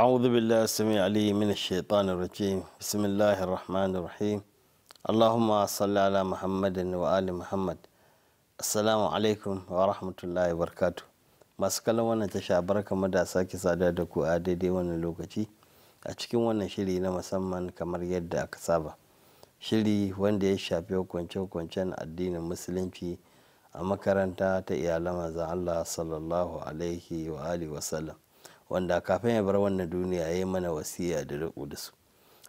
أعوذ بالله السميع العليم من الشيطان الرجيم بسم الله الرحمن الرحيم اللهم صل على محمد وآل محمد السلام عليكم ورحمة الله وبركاته masu kallon wannan tasha barka da sake sada da ku a daidai wannan lokaci a cikin wannan shiri na musamman kamar yadda aka saba shiri wanda ya shafi hukunce-hukuncen addinin musulunci a makaranta ta iyalan maza Allah sallallahu alaihi wa alihi wasallam wanda kafin ya bar wannan duniya ya yi mana wasiya da riƙo da su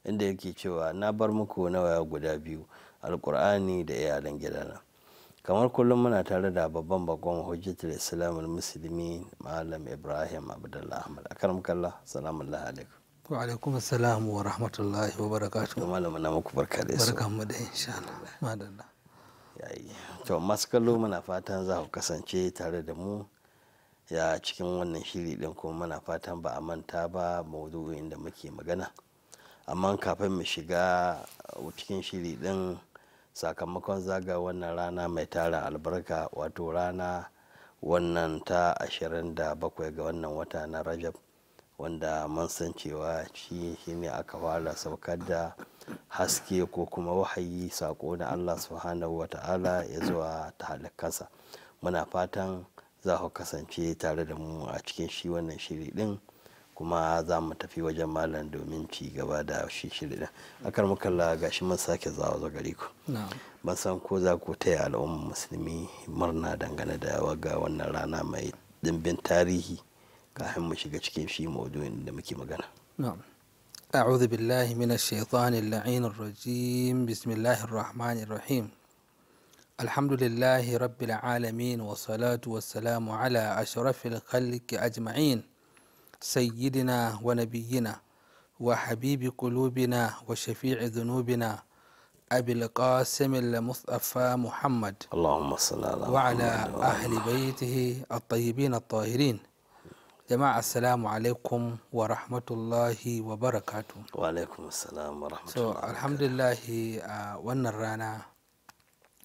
inda yake cewa na bar muku na waya guda biyu alkur'ani da iyalan gidana kamar kullum muna tare da babban bakon hujjatul islamul musulmi malam ibrahim abdullah ahmad akaram kallah salamun alaikum wa alaikum assalam wa rahmatullahi wa barakatuh malam na muku barka da su barka mu da insha Allah madalla yayi to masu kallo muna fatan za ku kasance tare da mu ya cikin wannan shiri din kuma muna fatan ba a manta ba maudu'in da muke magana amma kafin mu shiga uh, cikin shiri din sakamakon zaga wannan rana mai tara albarka wato rana wannan ta 27 ga wannan wata na rajab wanda mun san cewa shi shine aka fara saukar da haske ko kuma wahayi sako na allah subhanahu wa ta'ala ya zuwa ta halikarsa muna fatan za ku kasance tare da mu a cikin shi wannan shiri din kuma za mu tafi wajen malam domin ci gaba da shi shiri din akar mukalla shi mun sake zawo zo gari ku ban san ko za ku taya al'umma musulmi murna dangane da waga wannan rana mai dimbin tarihi kafin mu shiga cikin shi maudu'in da muke magana أعوذ بالله من الشيطان اللعين الرجيم بسم الله الرحمن الحمد لله رب العالمين والصلاة والسلام على أشرف الخلق أجمعين سيدنا ونبينا وحبيب قلوبنا وشفيع ذنوبنا أبي القاسم المصطفى محمد اللهم صل على وعلى أهل بيته الطيبين الطاهرين جماعة السلام عليكم ورحمة الله وبركاته وعليكم السلام ورحمة so, الله الحمد لله uh, آه، wannan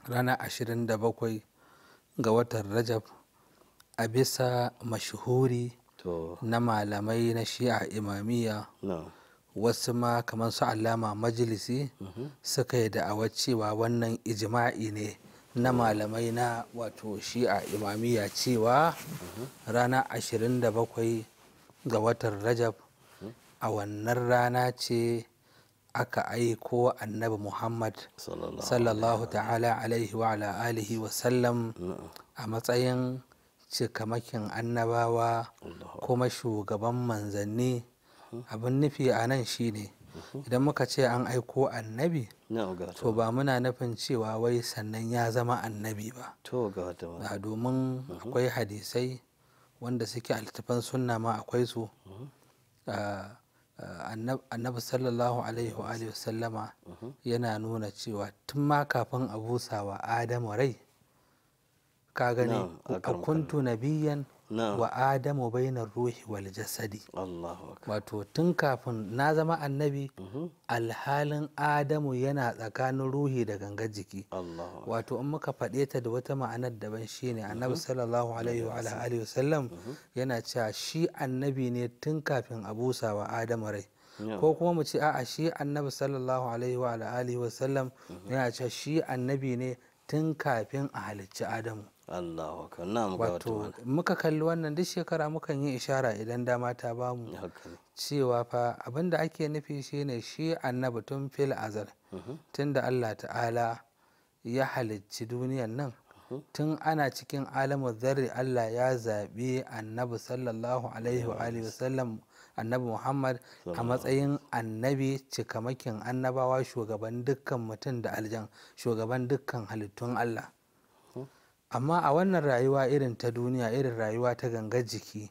ranar 27 ga watan rajab a bisa mashuhuri na malamai na shi'a imamiyya wasu ma kamar su alama majalisi mhm. suka yi da'awar cewa wannan ijima'i ne na malamai na wato shi'a imamiyya cewa mhm. rana da 27 ga watan rajab mhm. a wannan rana ce aka aiko annabi muhammad sallallahu ta'ala alaihi wa alihi wa sallam mm. a matsayin cikamakin annabawa kuma shugaban manzanni hmm. abin nufi a nan shine mm-hmm. idan muka ce an aiko annabi to ba muna nufin cewa wai sannan ya zama annabi ba domin mm-hmm. akwai hadisai wanda suke a sunna ma akwai su mm-hmm. ah, annabi sallallahu alaihi wa sallama yana nuna cewa tun ma kafin a busa wa adamu rai ka gani a kuntu nabiyan wa adamu bainar ruhi wal jasadi wato tun kafin na zama annabi mm-hmm. alhalin adamu yana tsakanin ruhi da gangar jiki wato in muka faɗe ta da wata ma'anar daban shine annabi mm-hmm. sallallahu alaihi wa alihi wasallam mm-hmm. yana cewa shi annabi ne tun kafin a wa adamu rai ko kuma mu ce a'a shi annabi sallallahu alaihi wa alihi wasallam yana cewa shi annabi ne tun kafin a halicci adamu wato muka kalli wannan duk shekara mukan yi ishara idan dama ta bamu cewa fa abinda ake nufi ne shi annabi tun fil tun mhm. tunda Allah ta'ala ya halicci duniyan nan mhm. tun ana cikin alamu zarri Allah ya zaɓi annabi sallallahu alaihi wa sallam annabi Muhammad a matsayin annabi cikamakin annabawa shugaban dukkan mutum da aljan shugaban dukkan halittun Allah amma a wannan rayuwa irin ta duniya irin rayuwa ta gangar jiki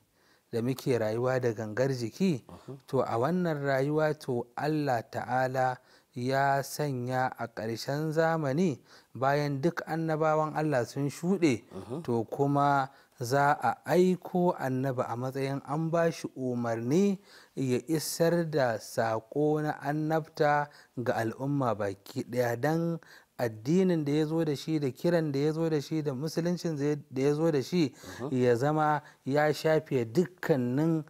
da muke rayuwa da gangar jiki to a wannan rayuwa to allah ta'ala ya sanya a ƙarshen zamani bayan duk annabawan allah sun shuɗe to kuma za a aiko annaba a matsayin an ba shi umarni ya isar da saƙo na annabta ga al'umma baki ɗaya don addinin da ya zo da shi da kiran da ya zo da shi da musuluncin da ya zo da shi ya zama ya shafe dukkanin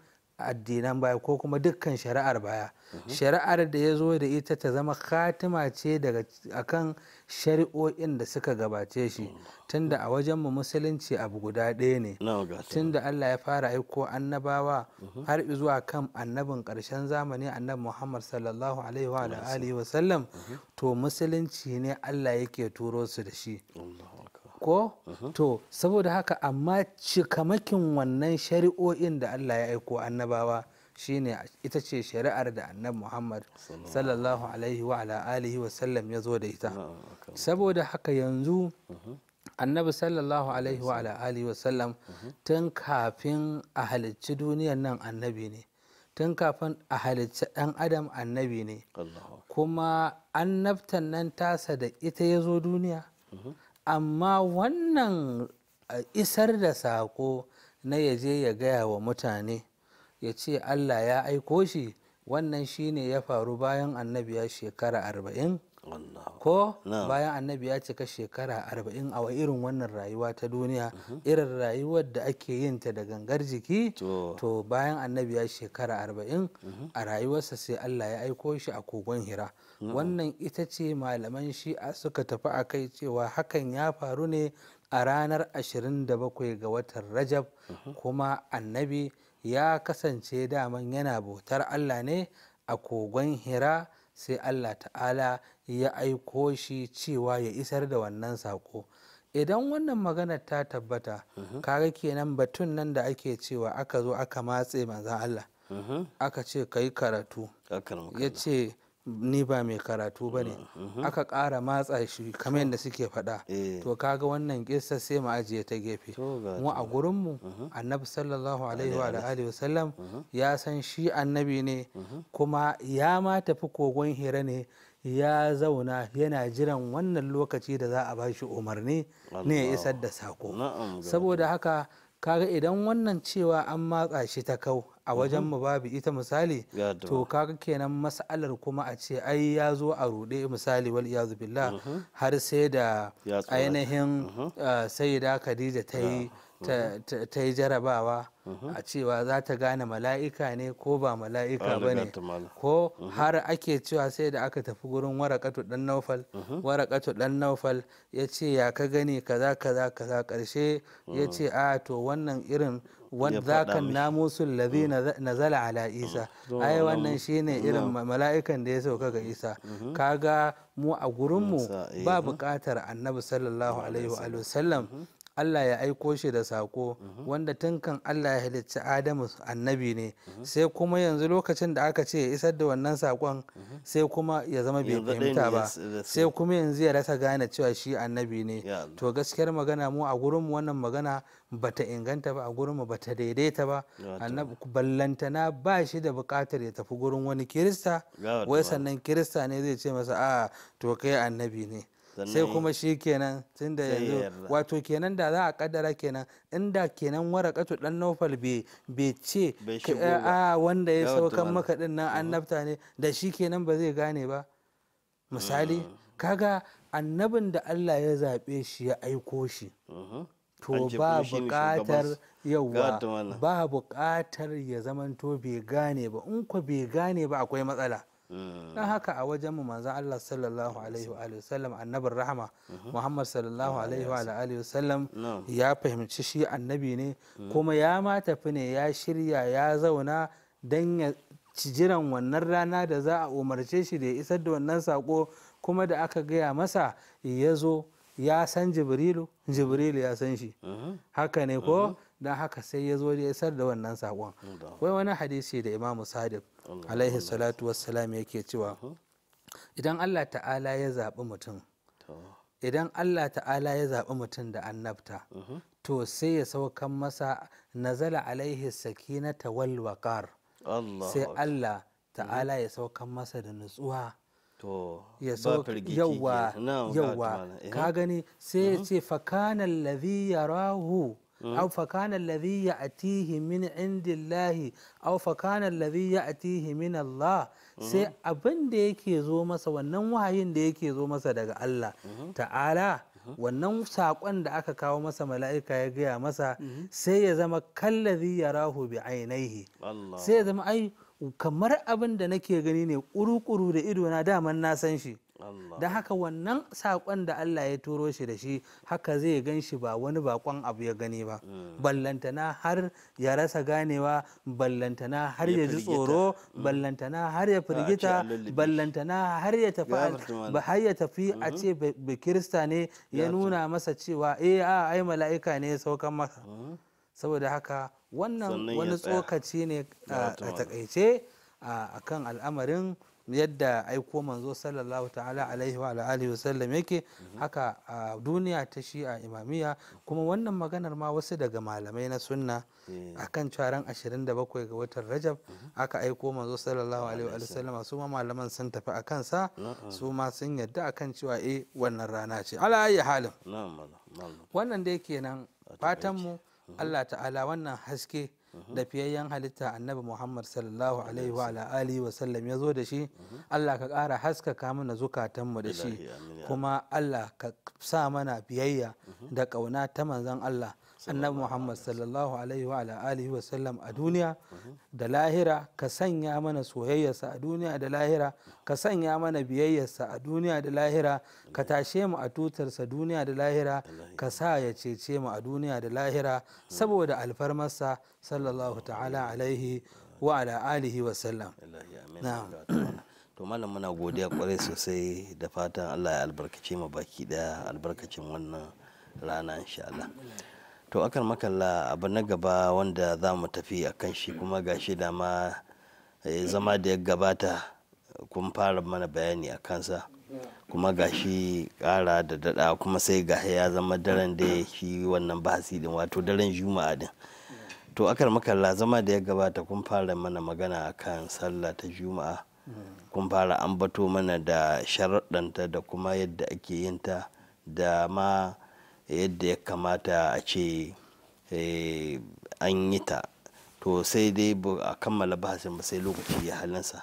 addinan baya ko kuma dukkan shari'ar baya mhm. shari'ar da ya zo da ita ta zama khatima ce daga akan shari'o'in da suka gabace shi oh, tunda a wajenmu musulunci abu guda ɗaya ne tunda Allah ya fara aiko annabawa mhm. har zuwa kan annabin karshen zamani annabi Muhammad sallallahu alaihi wa wa sallam mhm. to musulunci ne Allah yake turo su da shi ko uh-huh. to saboda haka amma cikamakin wannan shari'o'in da Allah ya aiko annabawa shine ita ce shari'ar da annabi Muhammad sallallahu alaihi wa ala alihi wa sallam ya zo da ita ah, saboda haka yanzu uh-huh. annabi sallallahu alaihi wa ala alihi wa sallam uh-huh. tun kafin a halicci duniyar nan annabi ne tun kafin a halicci dan adam annabi ne kuma annabtan nan tasa da ita ya zo duniya amma wannan eh, isar da sako na yaje ya gaya wa mutane ya ce allah ya aiko shi wannan shine ya faru bayan annabi ya shekara arba'in ko bayan annabi ya cika shekara arba'in a irin wannan rayuwa ta duniya mhm. irin rayuwar da ake yin ta da gangar jiki to bayan annabi ya shekara arba'in mhm. a rayuwarsa sai allah ya aiko shi a kogon hira wannan ita ce malaman shi'a suka tafi a kai cewa hakan ya faru ne a ranar 27 ga watan rajab uh-huh. kuma annabi ya kasance daman yana bautar allah ne a kogon hira sai allah ta'ala ya aiko shi cewa ya isar da wannan sako idan wannan magana ta tabbata uh-huh. kaga kenan batun nan da ake cewa aka zo aka matse manzan allah uh-huh. aka ce ka yi karatu ya ce ni ba mai karatu ba ne mm-hmm. aka ƙara matsa shi kamar yadda suke faɗa eh. to kaga wannan kissa sai mu ajiye ta gefe mu a gurinmu mm-hmm. annabi sallallahu alaihi wa alihi wasallam mm-hmm. ya san shi annabi ne kuma ya ma tafi kogon hira ne ya zauna yana jiran wannan lokaci da za a bashi umarni ne ya isar da sako saboda haka kaga idan wannan cewa an matsa shi ta kau a wajen mhm. mu babu ita misali to kaga kenan mas'alar kuma a ce ai ya zo a rude misali wal iyazu billah mhm. har sai da ainihin mhm. eh, sayyida khadija ta yi ta yi jarabawa a cewa za ta gane mala'ika ne ko ba mala'ika ba ne ko har ake cewa sai da aka tafi gurin warakatu dan naufal warakatu dan naufal ya ce ya ka gani kaza kaza kaza karshe ya ce a to wannan irin wadda namusul na nazala ala isa ai wannan shine irin mala'ikan da ya sauka ga isa kaga mu a gurinmu eh, ba buƙatar annabi sallallahu alaihi wa sallam Allah ya aiko shi da sako mhm. wanda tun kan Allah ya halicci Adamu annabi ne mhm. sai kuma yanzu lokacin da aka ce ya isar da wannan sakon mhm. sai kuma ya zama bai fahimta ba sai kuma yanzu ya rasa gane cewa shi annabi ne to gaskiyar magana mu a gurin mu wannan magana bata inganta ba a gurin mu bata daidaita ba annabi ballantana ba shi da bukatar ya tafi gurin wani kirista wai sannan kirista ne zai ce masa a to kai annabi ne sai kuma shi kenan tun da yanzu wato kenan da za a kaddara kenan inda kenan warakatu dan naufal bai ce a wanda ya saukan maka din nan mhm. annabta ne da shi kenan ba zai gane ba misali mm. kaga annabin da Allah ya zaɓe shi ya aiko shi mm-hmm. to ba buƙatar yauwa ba buƙatar ya zamanto bai gane ba in ku bai gane ba akwai matsala dan haka a wajen mu manzan Allah sallallahu alaihi wa sallam annabin rahama mhm. Muhammad sallallahu alaihi wa sallam ya fahimci shi annabi ne mhm. kuma ya ma tafi ne ya shirya ya zauna don ya ci jiran wannan rana da za a umarce shi da ya isar da wannan saƙo. kuma da aka gaya masa ya zo ya san jibrilu jibrilu ya san shi mhm. haka ne ko don haka sai ya zo da isar da wannan saƙon wai wani hadisi da imam sadiq alaihi salatu wassalam yake cewa idan allah ta'ala ya zaɓi mutum idan allah ta'ala ya zaɓi mutum da annabta to sai ya saukan masa nazala alaihi sakinata wal waqar sai allah mhm. ta'ala ya saukan masa da nutsuwa ya yawa yawa ka gani sai ya mhm. ce fakanan lafiya rahu. Hmm. aw fa kana alladhi ya'tihi min indillahi aw fa kana alladhi ya'tihi min Allah hmm. sai abinda yake zo masa wannan wahayin da yake zo masa daga Allah hmm. ta'ala wannan saƙon da aka kawo masa mala'ika ya gaya masa sai ya zama kallazi ya rahu bi ainihi sai ya zama ai kamar abin da nake gani ne ƙuruƙuru da idona daman na san shi da haka wannan saƙon da Allah ya turo shi da shi haka zai gan shi ba wani bakon abu ya gani ba mm. ballantana har ya rasa ganewa ballantana har ya ji tsoro mm. ballantana har ya firgita ballantana har ya tafi har ya tafi a mm-hmm. ce kirista ne ya nuna masa cewa eh a ai mala'ika ne saukan masa mm-hmm. saboda haka wannan wani tsokaci ne a takaice a kan al'amarin yadda aiko manzo sallallahu ta'ala alaihi wa alihi wa sallam yake haka a duniya ta shi'a imamiya kuma wannan maganar ma wasu daga malamai na sunna eh. akan caran 27 ga watan rajab mhm. aka aiko manzo sallallahu alaihi wa sallam su ma malaman sun tafi a kansa su ma sun yadda akan cewa eh wannan rana ce ala ayi halin wannan dai kenan fatan mu mhm. Allah ta'ala wannan haske da uh-huh. fiyayyen halitta annabi muhammad sallallahu alaihi wa alihi wa sallam ya zo da shi uh-huh. allah ka ƙara haskaka mana zukatanmu da shi kuma allah ka sa mana biyayya uh-huh. da ƙauna ta manzon allah annabi muhammad sallallahu alaihi wa alihi wa a duniya mhm. da lahira ka sanya mana soyayyarsa a duniya da lahira ka sanya mana biyayyarsa a duniya da lahira ka tashe mu a tutarsa duniya da lahira ka sa ya cece mu a duniya da lahira mhm. saboda alfarmarsa sallallahu ta'ala alaihi wa alihi wasallam to malam muna godiya kwarai sosai da fatan allah ya albarkace mu baki daya albarkacin wannan rana insha Allah to akan makalla abu na gaba wanda za mu tafi a kan shi kuma ga shi da eh, zama da ya gabata kun fara mana bayani a kansa kuma ga shi kara da dada kuma sai ga ya zama daren da ya shi wannan bahasi din wato daren juma'a din to kan makalla zama da ya gabata kun fara mana magana akan sallah ta juma'a kun fara ambato mana da sharaɗanta da kuma yadda ake yin ta da ma yadda ya kamata a ce eh, an yi ta to sai dai a kammala bahasin ba sai lokaci ya halinsa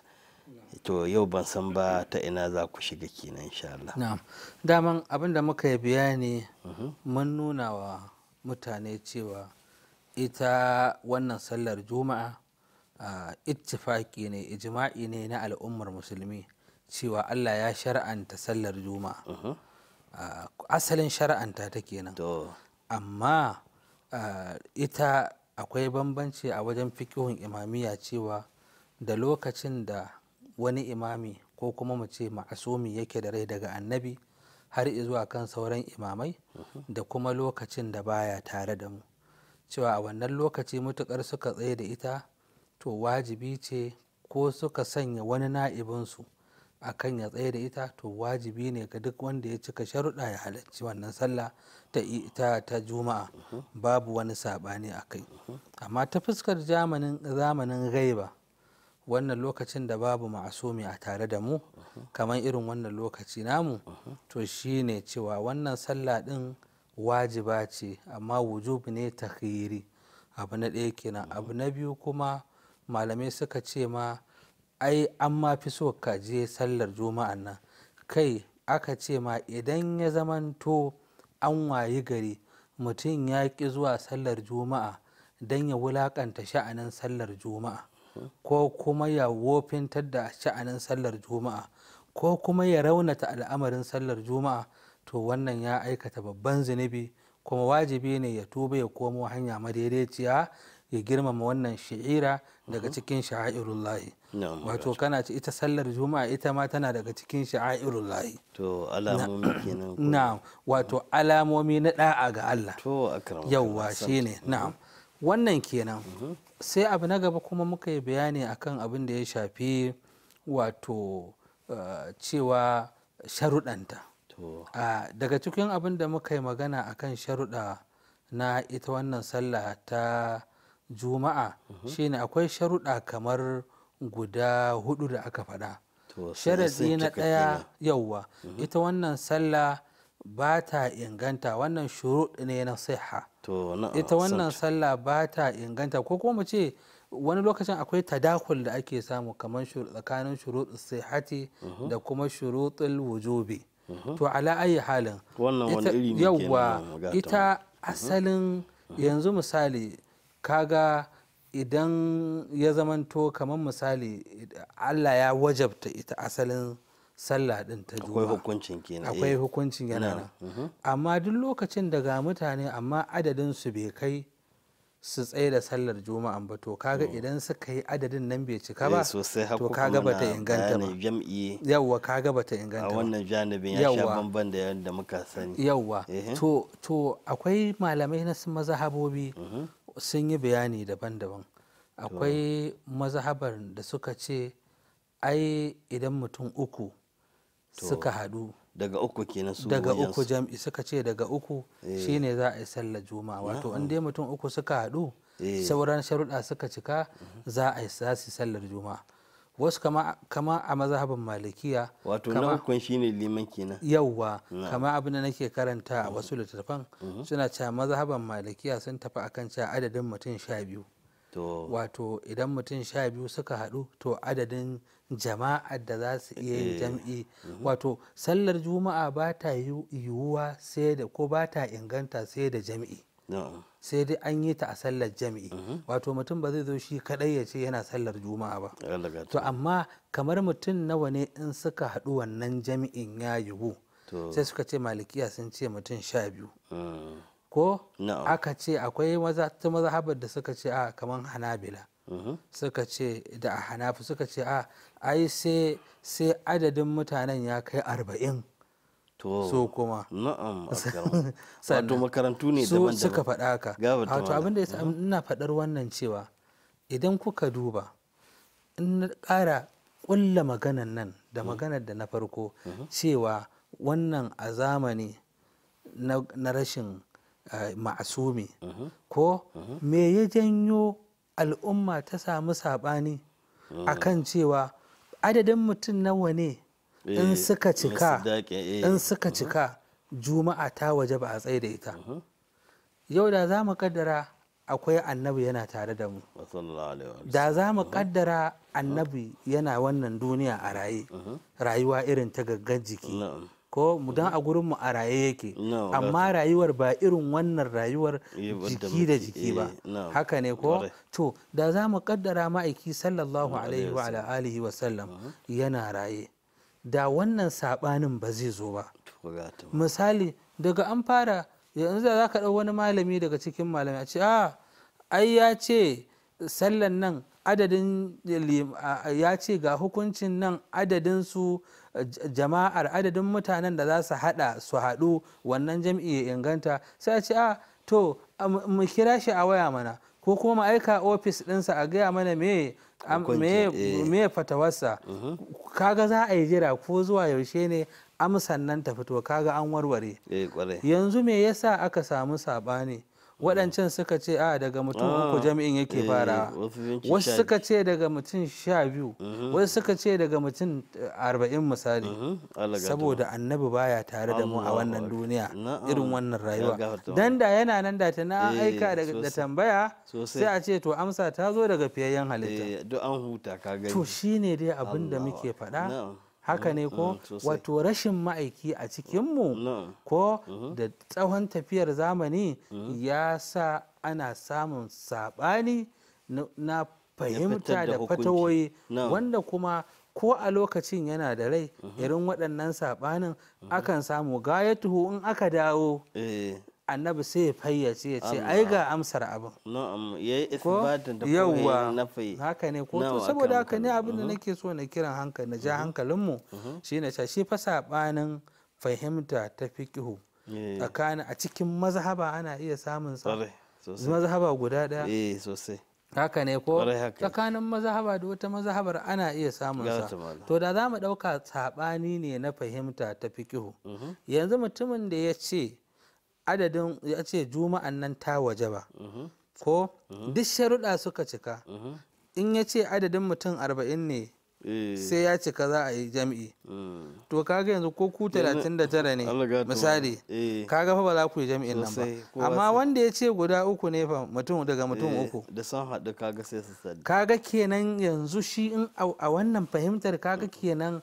to yau ban san ba ta ina za ku shiga kenan insha Allah na'am daman abin da muka yi bayani mm-hmm. mun nuna wa mutane cewa ita wannan sallar juma'a ittifaki ne ijma'i ne na al'ummar musulmi cewa Allah ya shar'anta sallar juma'a mm-hmm. Ah, asalin shari'anta ta kenan amma ah, ita akwai bambanci a wajen fikihun imamiya cewa da lokacin da wani imami ko kuma mu ce ma'asumi yake da rai daga annabi har zuwa kan sauran imamai mhm. da kuma lokacin da baya tare da mu cewa a wannan lokaci mutukar suka tsaye da ita to wajibi ce ko suka sanya wani na'ibinsu akan ya tsaye da ita to wajibi ne ga duk wanda ya cika sharuɗa ya halarci wannan sallah ta ita ta juma'a babu wani saɓani a kai amma ta fuskar zamanin gaiba wannan lokacin da babu ma'asumi a tare da mu kamar irin wannan lokaci namu to shi ne cewa wannan sallah ɗin wajiba ce amma wujub ne ta abu na ɗaya kenan abu na biyu kuma malamai suka ce ma ai an ma fi so ka je sallar juma'an nan kai aka ce ma idan ya zamanto an wayi gari mutum ya ƙi zuwa sallar juma'a don ya wulaƙanta sha'anin sallar juma'a ko kuma ya wofintar da sha'anin sallar juma'a ko kuma ya raunata al'amarin sallar juma'a to wannan ya aikata babban zunubi kuma wajibi ne ya tuba ya komo hanya madaidaiciya ya girmama wannan shi'ira daga mhm. cikin sha'irullahi wato kana ci ita sallar juma'a ita ma tana daga cikin sha'irullahi to alamomi kenan na'am wato alamomi na da'a ga Allah to akram yawa shine mhm. na'am wannan kenan mhm. sai abu na gaba kuma muka yi bayani akan abin da ya shafi wato eh, cewa sharuɗanta daga cikin abin da muka yi magana akan sharuɗa na ita wannan sallah ta juma'a mhm. shine akwai sharuɗa kamar guda hudu da aka faɗa sharaɗi na ɗaya yauwa mhm. ita wannan sallah ba ta inganta wannan shuruɗ ne na siha ita wannan sallah ba ta inganta ko kuma ce wani lokacin akwai tadakul da ake samu kamar tsakanin shuruɗ sihati mhm. da kuma shuruɗul wujubi to ala ayi halin yauwa ita asalin yanzu misali kaga idan ya zamanto kamar misali allah ya wajabta ita asalin sallah din ta juma'a akwai hukuncin kenan akwai eh. hukuncin yana nan mhm. amma duk lokacin da ga mutane amma adadin su bai kai su tsaye da sallar juma'a ba to kaga mm. idan suka yi adadin nan bai cika ba eh, to kaga bata inganta ba yawwa kaga bata inganta ba wannan janibin ya sha banban da yadda muka sani yawwa eh. to to akwai malamai na su mazhabobi mhm. sun yi bayani daban-daban akwai mazhabar da suka ce ai idan mutum uku suka hadu daga uku kenan su daga uku jam'i suka ce daga uku eh. shine za a yi sallar juma'a wato in dai mutum uku suka hadu eh. sauran sharuɗa suka cika mhm. za a yi sallar juma'a wasu kama, a mazhabin malikiya wato na hukun shine liman kenan yawwa kama abin da nake karanta a wasu littattafan mhm. suna cewa mazhabin malikiya sun tafi akan cewa adadin mutum sha biyu wato idan mutum sha biyu suka hadu to adadin jama'a da za su iya yin eh. jam'i mhm. wato sallar juma'a ba ta yiwuwa sai da ko ba ta inganta sai da jam'i sai dai an yi ta a sallar jami'i mhm. wato mutum ba zai zo shi kadai ya ce yana sallar juma'a ba to amma kamar mutum nawa ne in suka haɗu wannan jami'in ya yiwu sai suka ce malikiya sun ce mutum sha biyu mm. ko aka ce akwai maza ta da suka ce a kamar hanabila mhm. suka ce da a hanafi suka ce a ai sai adadin mutanen ya kai arba'in so kuma na'am wato makarantu ne daban-daban suka faɗa haka wato abinda yasa mm-hmm. ina faɗar wannan cewa idan kuka duba in na ƙara ƙulla maganan nan da mm-hmm. maganar da na farko mm-hmm. cewa wannan a zamani na rashin eh, ma'asumi ko me ya janyo al'umma ta samu saɓani mm. akan cewa adadin mutum nawa ne Eh, in suka cika eh. in suka uh-huh. cika juma'a ta waje ba a tsaye da ita uh-huh. yau da za mu kaddara akwai annabi yana tare da mu da za mu uh-huh. kaddara annabi yana wannan duniya a raye rayuwa irin ta gaggar jiki ko mu a gurinmu a raye yake amma rayuwar ba irin wannan rayuwar eh, jiki da jiki ba haka ne ko to da za mu kaddara ma'aiki sallallahu alaihi wa alihi wa sallam yana raye da wannan saɓanin ba zai zo ba misali daga an fara yanzu za ka ɗau wani malami daga cikin malami a ce a ah, ai ya ce sallan nan adadin ya ce ga hukuncin nan adadin su jama'ar adadin mutanen da za su haɗa su haɗu wannan jam'i ya inganta sai a ce ah, a to mu kira shi a waya mana ko kuma aika ofis ɗinsa a gaya mana me Eh. me fatawarsa mm-hmm. kaga za a yi jira ko zuwa yaushe ne amsan nan ta fito kaga an warware eh, yanzu me yasa aka samu saɓani. waɗancan suka ce a ah, daga mutum uku ah, jami'in yake eh, fara mhm. wasu suka ce daga mutum sha eh, biyu wasu suka ce daga mutum arba'in misali mhm. saboda annabi baya tare da mu a wannan duniya irin wannan rayuwa dan da yana nan da ta na eh, aika da tambaya sai a ce to amsa ta zo daga fiyayyen halitta to shine dai abin da muke faɗa haka ne ko mm-hmm. wato rashin ma'aiki a cikinmu mm-hmm. ko mm-hmm. da tsawon tafiyar zamani ya sa ana samun saɓani na fahimta da fatawoyi wanda kuma ko a lokacin yana da rai irin waɗannan saɓanin akan samu gayatuhu in aka dawo eh. annabi sai ya fayyace ya ce ai ga amsar abin yauwa haka ne ko to saboda haka ne abin da mhm. nake so na kiran hankali na ja mhm. hankalinmu shi na sha shi fa sabanin fahimta ta fiqihu eh. tsakanin a cikin mazhaba ana iya samun sa mazhaba guda daya eh sosai haka ne ko tsakanin mazhaba da wata mazhabar ana iya samun sa to da za mu ɗauka saɓani ne na fahimta ta fiqihu mhm. yanzu mutumin da ya ce adadin ya ce juma'an nan ta waje ba mm-hmm. ko mm-hmm. duk sharuɗa suka cika mm-hmm. in ya ce adadin mutum arba'in ne eh. sai ya cika za a yi jam'i mm. to kaga yanzu ko ku 39 ne misali eh. kaga fa ba za ku yi jam'in nan ba amma wanda ya ce guda uku ne fa mutum daga mutum eh, uku da san haɗu kaga sai su sadi kaga kenan yanzu shi in a wannan fahimtar kaga kenan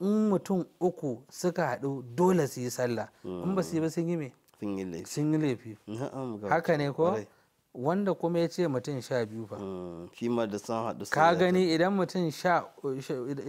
in mutum uku suka haɗu dole su yi sallah in ba su yi ba mm. sun yi me sun yi laifi sun yi laifi haka ne ko wanda kuma ya ce mutum sha biyu fa mm, shi ma da sun haɗu ka gani idan mutum sha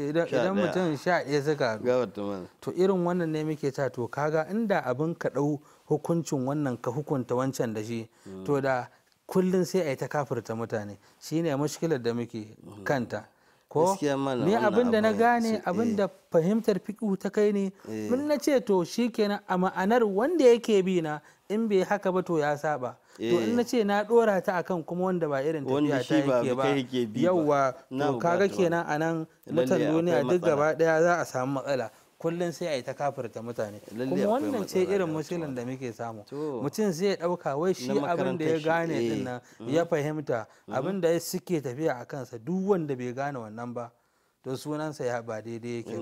idan mutum sha ɗaya suka haɗu to irin wannan ne muke ta to kaga inda abin ka ɗau hukuncin wannan ka hukunta wancan da shi mm. to da kullum sai a yi ta kafirta mutane shine mashkilar da muke mm. kanta ko ni abin da na gane abin eh. da fahimtar fiƙu ta kai ne eh. mun na ce to shi kenan a ma'anar wanda yake bi na in bai haka ba to ya saba to eh. in na ce na dora ta akan kuma wanda ba irin tafiya ta yake ba yauwa to kaga kenan anan mutan duniya duk gaba ɗaya za a samu matsala kullum sai a yi ta kafirta mutane kuma wannan ce irin musulun da muke samu mutum zai ɗauka wai shi abin da ya gane eh. din nan mm-hmm. ya fahimta mm-hmm. abin da ya suke tafiya a kansa duk wanda bai gane wannan ba to sunansa ya ba daidai yake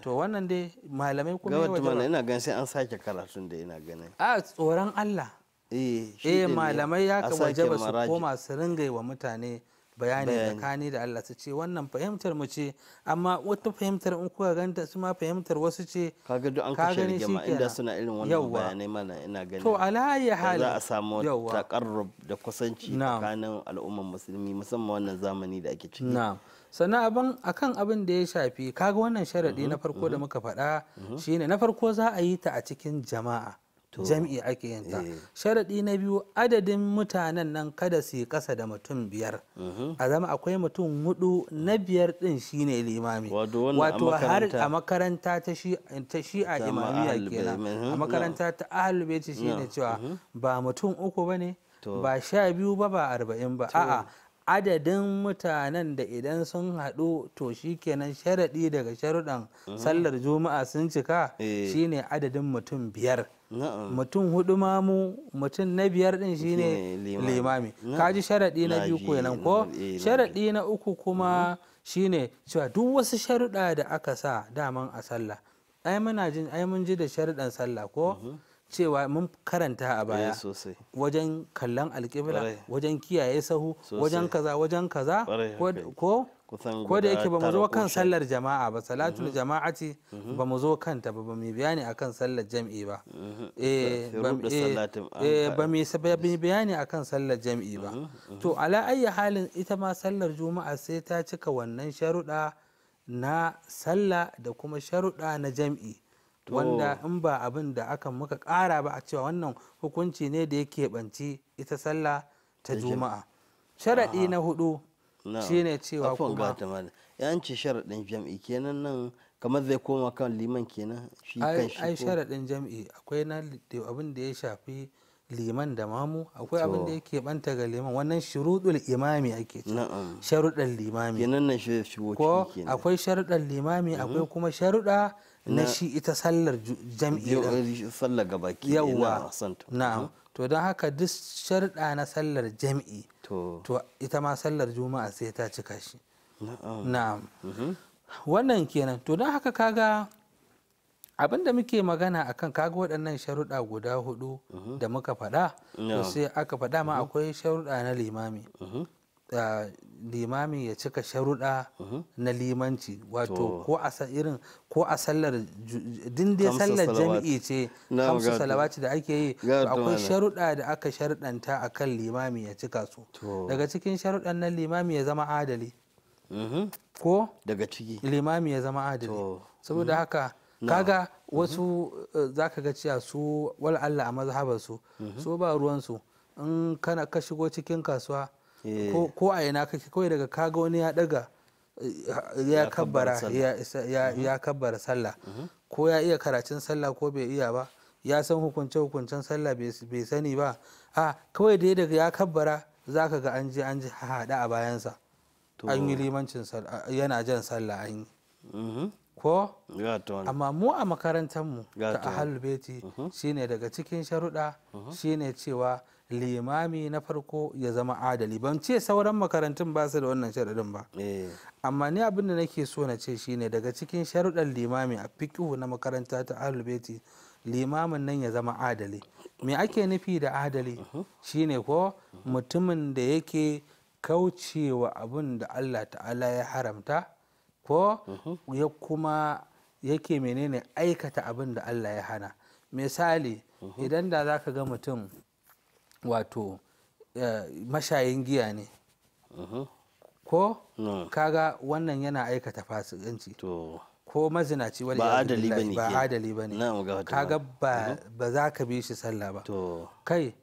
to wannan dai malamai kuma yawa jama'a ina ganin sai an sake karatun da ina ganin a tsoron Allah eh, eh malamai ya kawaje ba su koma su ringa wa mutane bayani tsakani da Allah su ce wannan fahimtar mu ce amma wata fahimtar in kuka ganta su ma fahimtar wasu ce kaga duk an kashe rigima inda suna irin wannan bayanai mana ina gani to alayya hali za a samu taqarrub da kusanci tsakanin al'umman musulmi musamman wannan zamani da ake ciki na'am sannan abin akan abin da ya shafi kaga wannan sharadi mm-hmm. na farko da mm-hmm. muka faɗa mm-hmm. shine na farko za a yi ta a cikin jama'a jami'i ake yin ta eh. sharaɗi na biyu adadin mutanen nan kada su yi ƙasa da mutum biyar mm-hmm. a zama akwai mutum hudu na biyar din shine limami wato har a makaranta ta shi shi'a imamiya kenan mm-hmm. a makaranta ta ahalubaiti shine cewa mm-hmm. ba mutum uku ba ne ba sha biyu ba ba arba'in ba a'a adadin mutanen da idan sun haɗu to shi shikenan sharaɗi daga sharuɗan mhm. sallar juma'a sun cika eh. shine adadin mutum biyar mutum hudu mamu mutum na biyar din shine limami kaji sharaɗi na biyu kenan ko eh, sharaɗi na uku kuma mhm. shine cewa duk wasu sharuɗa da aka sa daman a sallah ai muna mun ji da sharuɗan sallah ko mhm. cewa mun karanta a baya eh, wajen kallon alkibla wajen kiyaye sahu wajen kaza wajen kaza ko ko da yake ba mu zo kan sallar jama'a ba salatul mhm. jama'ati mhm. ba mu zo kanta ba ba mu bayani akan sallar jam'i ba mhm. eh, eh, eh ba mu bayani akan sallar jam'i ba to ala ayi halin ita ma sallar juma'a sai ta cika wannan sharuɗa na sallah da kuma sharuɗa na jam'i wanda in ba abin da aka muka ƙara ba a cewa wannan hukunci ne da ya keɓanci ita sallah ta juma'a sharaɗi na hudu shine cewa kuma yanci sharaɗin jam'i kenan nan kamar zai koma kan liman kenan shi kan shi ko ai sharaɗin jam'i akwai na abin da ya shafi liman da mamu akwai abin da yake banta ga liman wannan shurudul imami ake ce sharudan limami ko akwai sharudan limami mhm. akwai kuma sharuɗa na shi ita sallar jam'i eh, sallar gabaki yawa na'am mhm. to don haka duk sharuɗa na sallar jam'i to ita ma sallar juma'a sai ta cika shi na'am mhm. wannan kenan to don haka kaga abin da muke magana akan kaga waɗannan sharuɗa guda hudu mm-hmm. da muka faɗa to sai aka faɗa ma mm-hmm. akwai sharuɗa na limami mm-hmm. ah, limami ya cika sharuɗa na limanci wato ko a irin ko a sallar dindin sallar jami'i ce kamsu salawaci da ake yi akwai sharuɗa da aka sharuɗanta akan limami ya cika su daga cikin sharuɗan na limami ya zama adali ko daga ciki limami ya zama adali saboda haka kaga wasu eh, zaka ga cewa su wal Allah a mazhabar mhm. su ba ruwansu in kana ka shigo cikin kasuwa eh. ko a ina kake kawai daga kaga wani ya daga eh, mhm. ya kabbara sallah mhm. ko ya iya karatun sallah ko bai iya ba ya san hukunce hukuncen sallah bai sani ba a kawai da daga ya kabbara zaka ga an ji an ji hada a bayansa an yi limancin yana jan sallah an yi ko amma mu a makarantar mu ta ahlul uh-huh. shine daga cikin sharuɗa uh-huh. shine cewa limami na farko ya zama adali ban ce sauran makarantun ba su da wannan sharaɗin ba eh. amma ni abin da nake so na ce shine daga cikin sharuɗan limami a fikihu na makaranta ta ahlul limamin nan ya zama adali me ake nufi da adali uh-huh. shine ko mutumin da yake kaucewa abin da Allah ta'ala ya haramta ko ya kuma yake menene aikata abin da Allah ya hana misali idan da za ka ga mutum wato eh, mashayin giya ne ko kaga wannan yana aikata fasikanci ko mazinaci wani ba ba adali ba ne kaga ba za ka bi shi sallah ba kai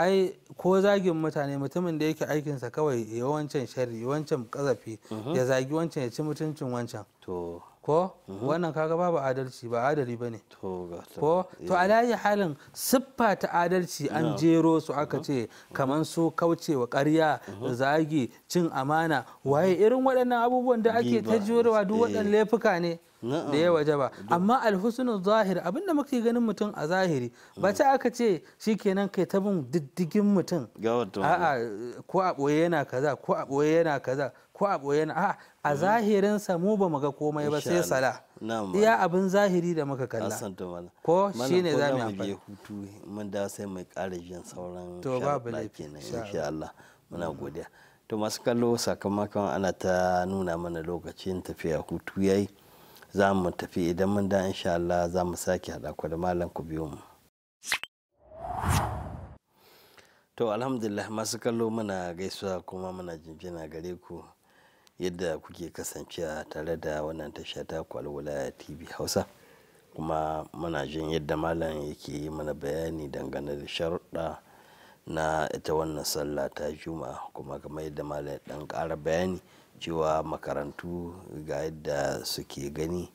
ai ko zagin mutane mutumin da yake aikinsa kawai ya wancan shari wancan kazafi ya zagi wancan ya ci mutuncin wancan ko mhm. wannan kaga babu adalci ba adali ba ne ko to alayi halin siffa ta adalci an jero su aka mhm. ce kamar su kaucewa wa ƙarya mhm. zagi cin amana waye irin waɗannan abubuwan da ake ta jiyarwa duk waɗannan eh. laifuka ne da ya waje ba amma alhusnul zahir abinda muke ganin mutum a zahiri ba ta mm. aka ce shikenan kai ta bin diddigin mutum a'a ko a ɓoye yana kaza ko a ɓoye yana kaza ko a ɓoye na a mm-hmm. zahirin sa mu ba mu ga komai ba sai sala iya abin zahiri da muka kalla ko shi ne za mu amfani hutu mun da sai mai ƙara jin sauran to na laifi insha Allah muna mm-hmm. godiya to masu kallo sakamakon ana ta nuna mana lokacin tafiya hutu yayi za mu tafi idan mun da insha Allah za mu sake haɗa ku da malam ku biyo mu to alhamdulillah masu kallo muna gaisuwa kuma muna jinjina gare ku yadda kuke kasancewa tare da wannan tasha ta kwalwala tv hausa kuma muna jin yadda malam yake yi mana bayani dangane da sharuɗa na ita wannan sallah ta juma kuma kamar yadda malam ɗan ƙara bayani cewa makarantu ga yadda suke gani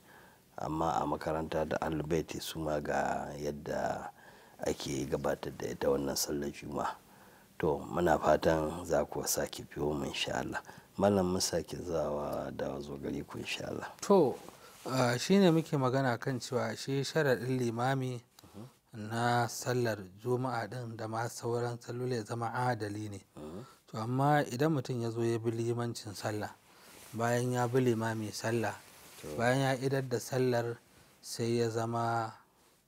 amma a makaranta da albaiti su ma ga yadda ake gabatar da ita wannan sallar juma to muna fatan za ku sake biyo mu insha Allah malam ke zawa da zo gari ku insha Allah to shine muke magana kan cewa shi sharaɗin limami na sallar juma'a din da ma sauran ya zama adali ne to amma idan mutum ya zo ya bi limancin sallah bayan ya bi limami sallah bayan ya idar da sallar sai ya zama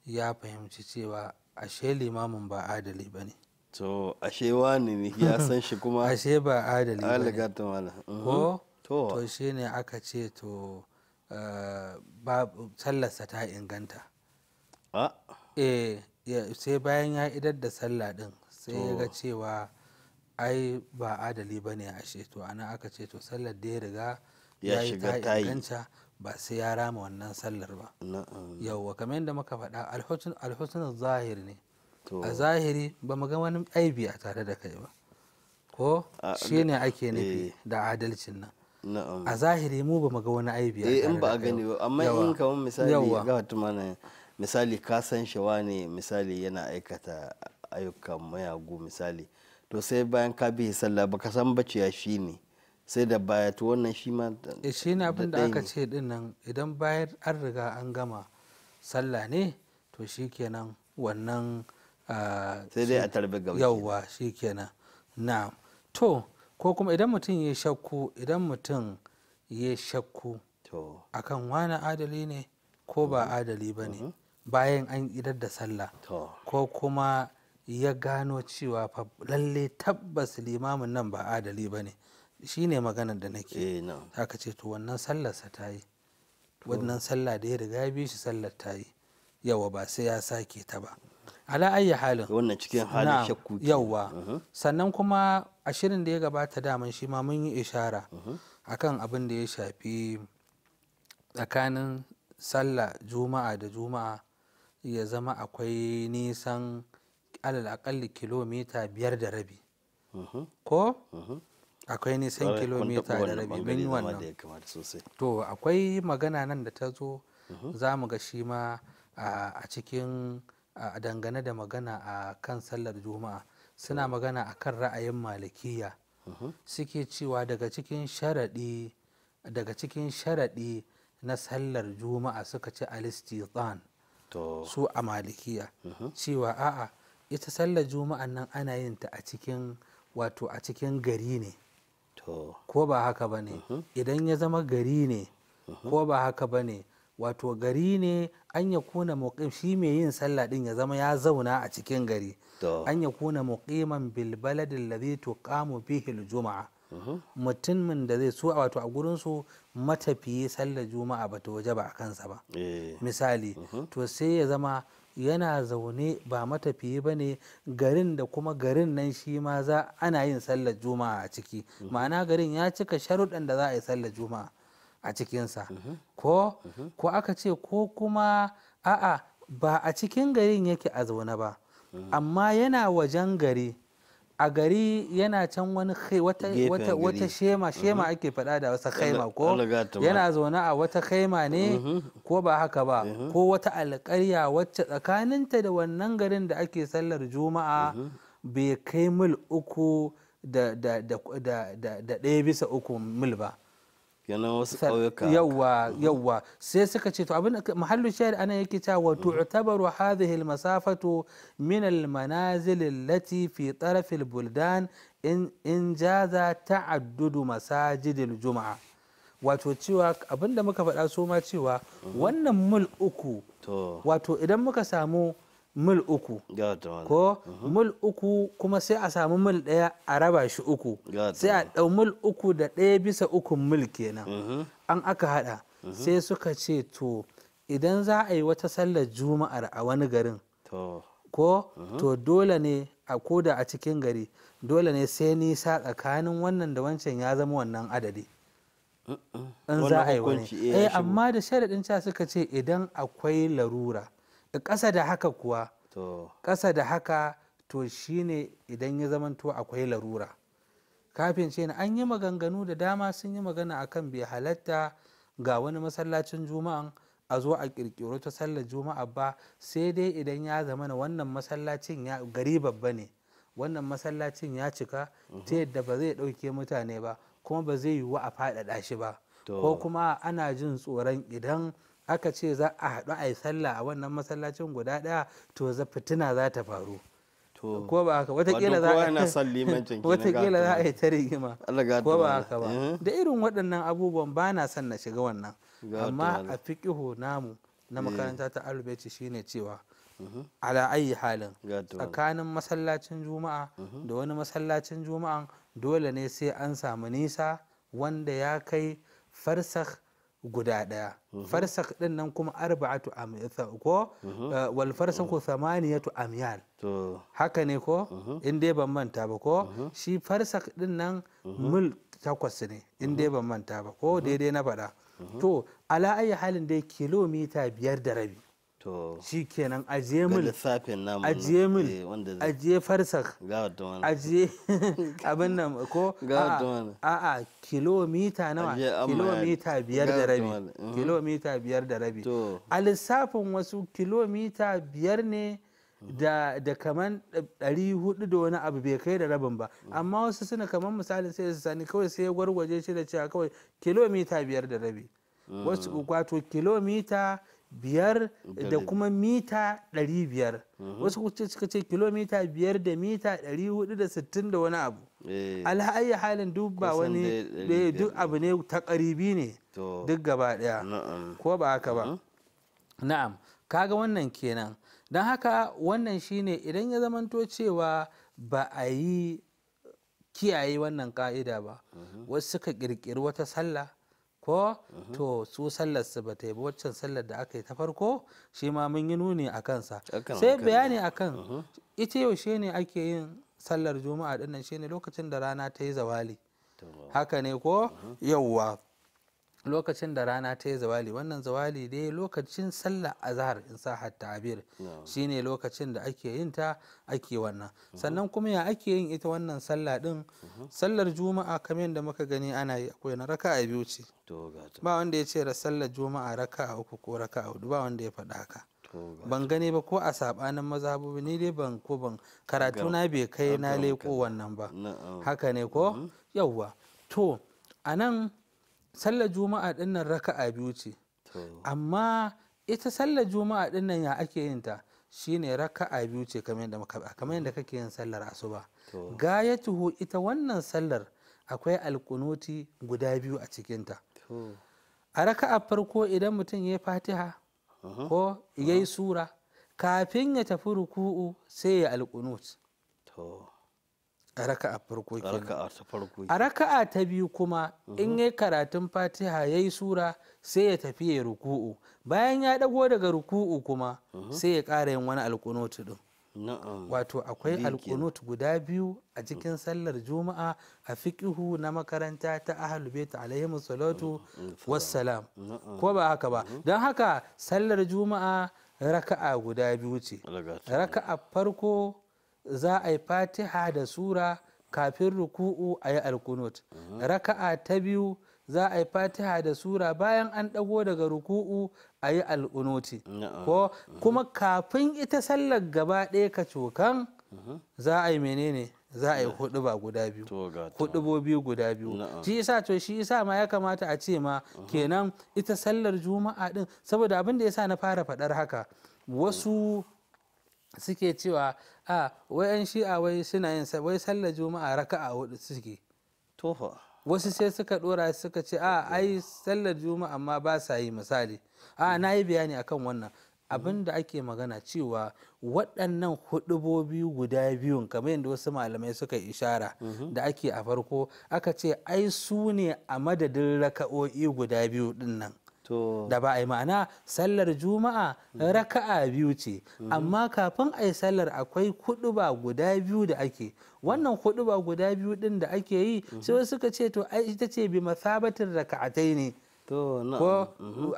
ya fahimci cewa ashe limamin ba adali ba ne to ashe wani ne ya san shi kuma ashe ba adali ba ne mm-hmm. ko to shi ne aka ce to eh, sallarsa ta inganta eh, sai bayan ya idar da sallah din sai ya ga cewa ai ba adali ba ne ashe to ana aka ce to sallar da ya riga ya yi ta inganta ba sai ya rama wannan sallar ba yauwa kamar yadda muka faɗa alhutun zahir ne a zahiri ba mu ga wani aibi a tare da kai ba ko shi ne ake eh. nufi da adalcin nan a zahiri mu ba mu ga wani aibi a eh, in ba a gani ba amma in kamar misali ga wata misali ka san shi ne misali yana aikata ayyukan mayagu misali to sai bayan ka bi sallah ba ka san ya shi ne sai da baya to wannan shi ma eh, shi ne abin da aka ce din nan idan bayan an riga an gama sallah ne to shi kenan wannan sai dai a tarbi gaba yawwa shikenan na'am to ko kuma idan mutum ya shakku idan mutum ya shakku akan wani adali ne ko ba mm-hmm. adali ba ne mm-hmm. bayan an idar da sallah ko kuma ya gano cewa fa lalle tabbas limamin nan ba adali ba ne shi ne maganar da nake eh, aka ce to wannan sallarsa ta yi wannan sallah da ya riga ya bi shi sallar ta yi yawa ba sai ya sake ta ba ala ayi halin wannan cikin halin shakku yawa uh-huh. sannan kuma a shirin da ya gabata daman shi ma mun yi ishara uh-huh. akan abin da ya shafi tsakanin sallah juma'a da juma'a ya zama akwai nisan alal akalli kilomita biyar da rabi uh-huh. ko akwai nisan kilomita da rabi min wannan to akwai magana nan da ta zo za mu ga shi ma a cikin a dangane da magana a kan sallar juma'a suna mm. magana a kan ra'ayin malikiya mm-hmm. suke cewa daga cikin sharaɗi na sallar juma'a suka ci alistitan su a malikiya mm-hmm. cewa a'a ita sallar juma'a nan ana yin ta a cikin wato a cikin gari ne ko ba haka ba ne mm-hmm. idan ya zama gari ne ko ba haka ba ne wato gari ne an ya kuna muqim shi mai yin sallah din ya zama ya zauna a cikin gari an ya kuna muqiman bil da ladhi tuqamu bihi al juma'a uh-huh. mutumin da zai so wato a gurin su sallah sallar juma'a ba ta waje ba a kansa ba eh. misali uh-huh. to sai ya zama yana zaune ba matafiye ba ne garin da kuma garin nan shi ma za ana yin sallar juma'a a ciki uh-huh. ma'ana garin ya cika sharuɗan da za a yi sallar juma'a a cikinsa mm-hmm. ko mm-hmm. ko aka ce ko kuma a'a ba a cikin garin yake a zaune ba mm-hmm. amma yana wajen gari a gari yana can wani wata, shema shema ake faɗa da wasa kaima ko yana zaune a wata kaima ne ko ba haka ba ko wata alƙarya wacce tsakaninta da wannan garin da ake sallar juma'a bai kai mil uku da ɗaya bisa uku mil ba يوا يوا سيسك هذه المسافة من المنازل التي في طرف البلدان إن تعدد مساجد الجمعة وتوتيوا أبن لما كفر أسوما mil uku ko mhm. mil uku kuma sai a samu mil ɗaya a raba shi uku sai a ɗau mil uku da ɗaya bisa uku mil kenan mhm. an aka haɗa mhm. sai suka ce to idan za a yi wata sallar juma'ar a wani garin ko to dole ne a koda a cikin gari dole ne sai nisa tsakanin wannan da wancan ya zama wannan adadi in za a yi wani eh, eh, amma da sharaɗin suka ce idan akwai larura ƙasa da haka kuwa ƙasa da haka to shine idan ya zamanto akwai larura kafin ce an yi maganganu da dama sun yi magana akan bai halatta ga wani masallacin juma'an a zo a ƙirƙiro ta sallar juma'a ba sai dai idan ya zama na wannan masallacin ya gari babba ne wannan masallacin ya cika ta mhm. yadda ba zai ɗauke mutane ba kuma ba zai yiwu a faɗaɗa shi ba ko kuma ana jin tsoron idan aka ce za a haɗu a yi sallah a wannan masallacin guda ɗaya to za fitina za ta faru ko ba haka watakila za a yi ta rigima ko ba haka ba eh? da irin waɗannan abubuwan ba na son na shiga wannan amma a fiƙiho namu na eh. makaranta ta alubeci shine cewa mhm. ala ayi halin tsakanin masallacin juma'a mhm. da wani masallacin juma'a dole ne sai an samu nisa wanda ya kai farsak. guda ɗaya mhm. farsak ɗin nan kuma arba'atu ko mhm. eh, wal farsaku mhm. thamaniyatu amyal haka ne ko in dai ban manta ba ko shi farsak ɗin nan mil takwas ne in dai ban manta ba ko daidai na faɗa to ala ayi halin dai kilomita biyar da rabi shi kenan ajiye mil ajiye mil eh, ajiye farsak ajiye abin nan ko a'a kilomita nawa mhm. kilomita biyar da rabi kilomita biyar da rabi a lissafin wasu kilomita biyar ne mhm. da da kaman ɗari hudu da wani abu bai kai da rabin ba mhm. amma wasu suna kaman misalin sai su sani kawai sai ya gwargwaje shi da cewa kawai kilomita biyar da rabi mm. wasu wato kilomita biyar da kuma mita ɗari biyar wasu kuce suka ce kilomita biyar da mita ɗari hudu da sittin da wani abu eh. alhayi halin duk ba wani duk abu ne ta ƙaribi ne duk gaba ɗaya ko ba haka ba na'am kaga wannan kenan don haka wannan shine idan ya zamanto cewa ba a yi kiyaye wannan ka'ida ba wasu suka ƙirƙiri wata sallah ko to su sallar su bata yi waccan sallar da aka yi ta farko shi ma mun yi nuni a kansa sai bayani akan uh-huh. ita yaushe ne ake yin sallar juma'a dinnan shine lokacin da rana ta yi zawali haka ne ko uh-huh. yauwa lokacin da rana ta yi zawali wannan zawali dai lokacin sallah azhar in sa ta'abir shine lokacin da ake yin ta ake wannan sannan kuma ya ake yin ita wannan sallah din sallar juma'a kamar yadda muka gani ana yi akwai na raka'a biyu ce ba wanda ya ce sallar juma'a raka'a uku ko raka'a hudu ba wanda ya faɗa haka ban gani ba ko a sabanin mazhabobi ne dai ban ko ban karatu na bai kai na leko wannan ba haka ne ko mm-hmm. yauwa to a nan sallar juma'a dinnan raka'a biyu ce amma ita sallar juma'a dinnan ya ake yin ta shine raka'a biyu ce kamar yadda kake yin sallar asuba gayatuhu ita wannan sallar akwai alkunuti guda biyu a cikinta a raka'a farko idan mutum ya fatiha uh-huh. ko ya yi uh-huh. sura kafin ya tafi ruku'u sai ya alkunut a raka'a farko a raka'a ta biyu kuma mhm. in yayi karatun fatiha ya yi sura sai ya tafi ya ruku'u bayan ya dago daga ruku'u kuma mhm. sai ya ƙara yin wani alkunutu din wato akwai alkunotu guda biyu a cikin mhm. sallar juma'a a fiƙihu na makaranta ta ahlul bait alaihim salatu mm, wassalam ko ba haka ba don haka sallar juma'a raka'a guda biyu ce raka'a farko za a yi fatiha da sura kafin ruku'u a yi alkunut raka'a ta biyu za a yi fatiha da sura bayan an ɗago daga ruku'u a yi alkunuti ko kuma kafin ita sallar gaba ɗaya ka cokan za a yi menene za a yi hudu ba guda biyu biyu guda biyu shi isa to shi isa ma ya kamata a ce ma kenan ita sallar juma'a din saboda abin da yasa na fara faɗar haka wasu suke cewa a wai yan shi'a wai suna yin wai sallar juma'a raka'a hudu suke tofa wasu sai suka dora suka ce a ai sallar juma'a amma ba sa yi misali a na yi bayani akan wannan abin da ake magana cewa waɗannan hudubobi guda biyun kamar yadda wasu malamai suka ishara mhm. da ake a farko aka ce ai su ne a madadin raka'o'i guda biyu nan. da ba a yi ma'ana sallar juma'a raka'a biyu ce amma kafin a yi sallar akwai kuɗuba guda biyu da ake wannan kuɗuba guda biyu din da ake yi sai wasu suka ce to ai ita ce bi masabatin raka'atai ne ko mhm.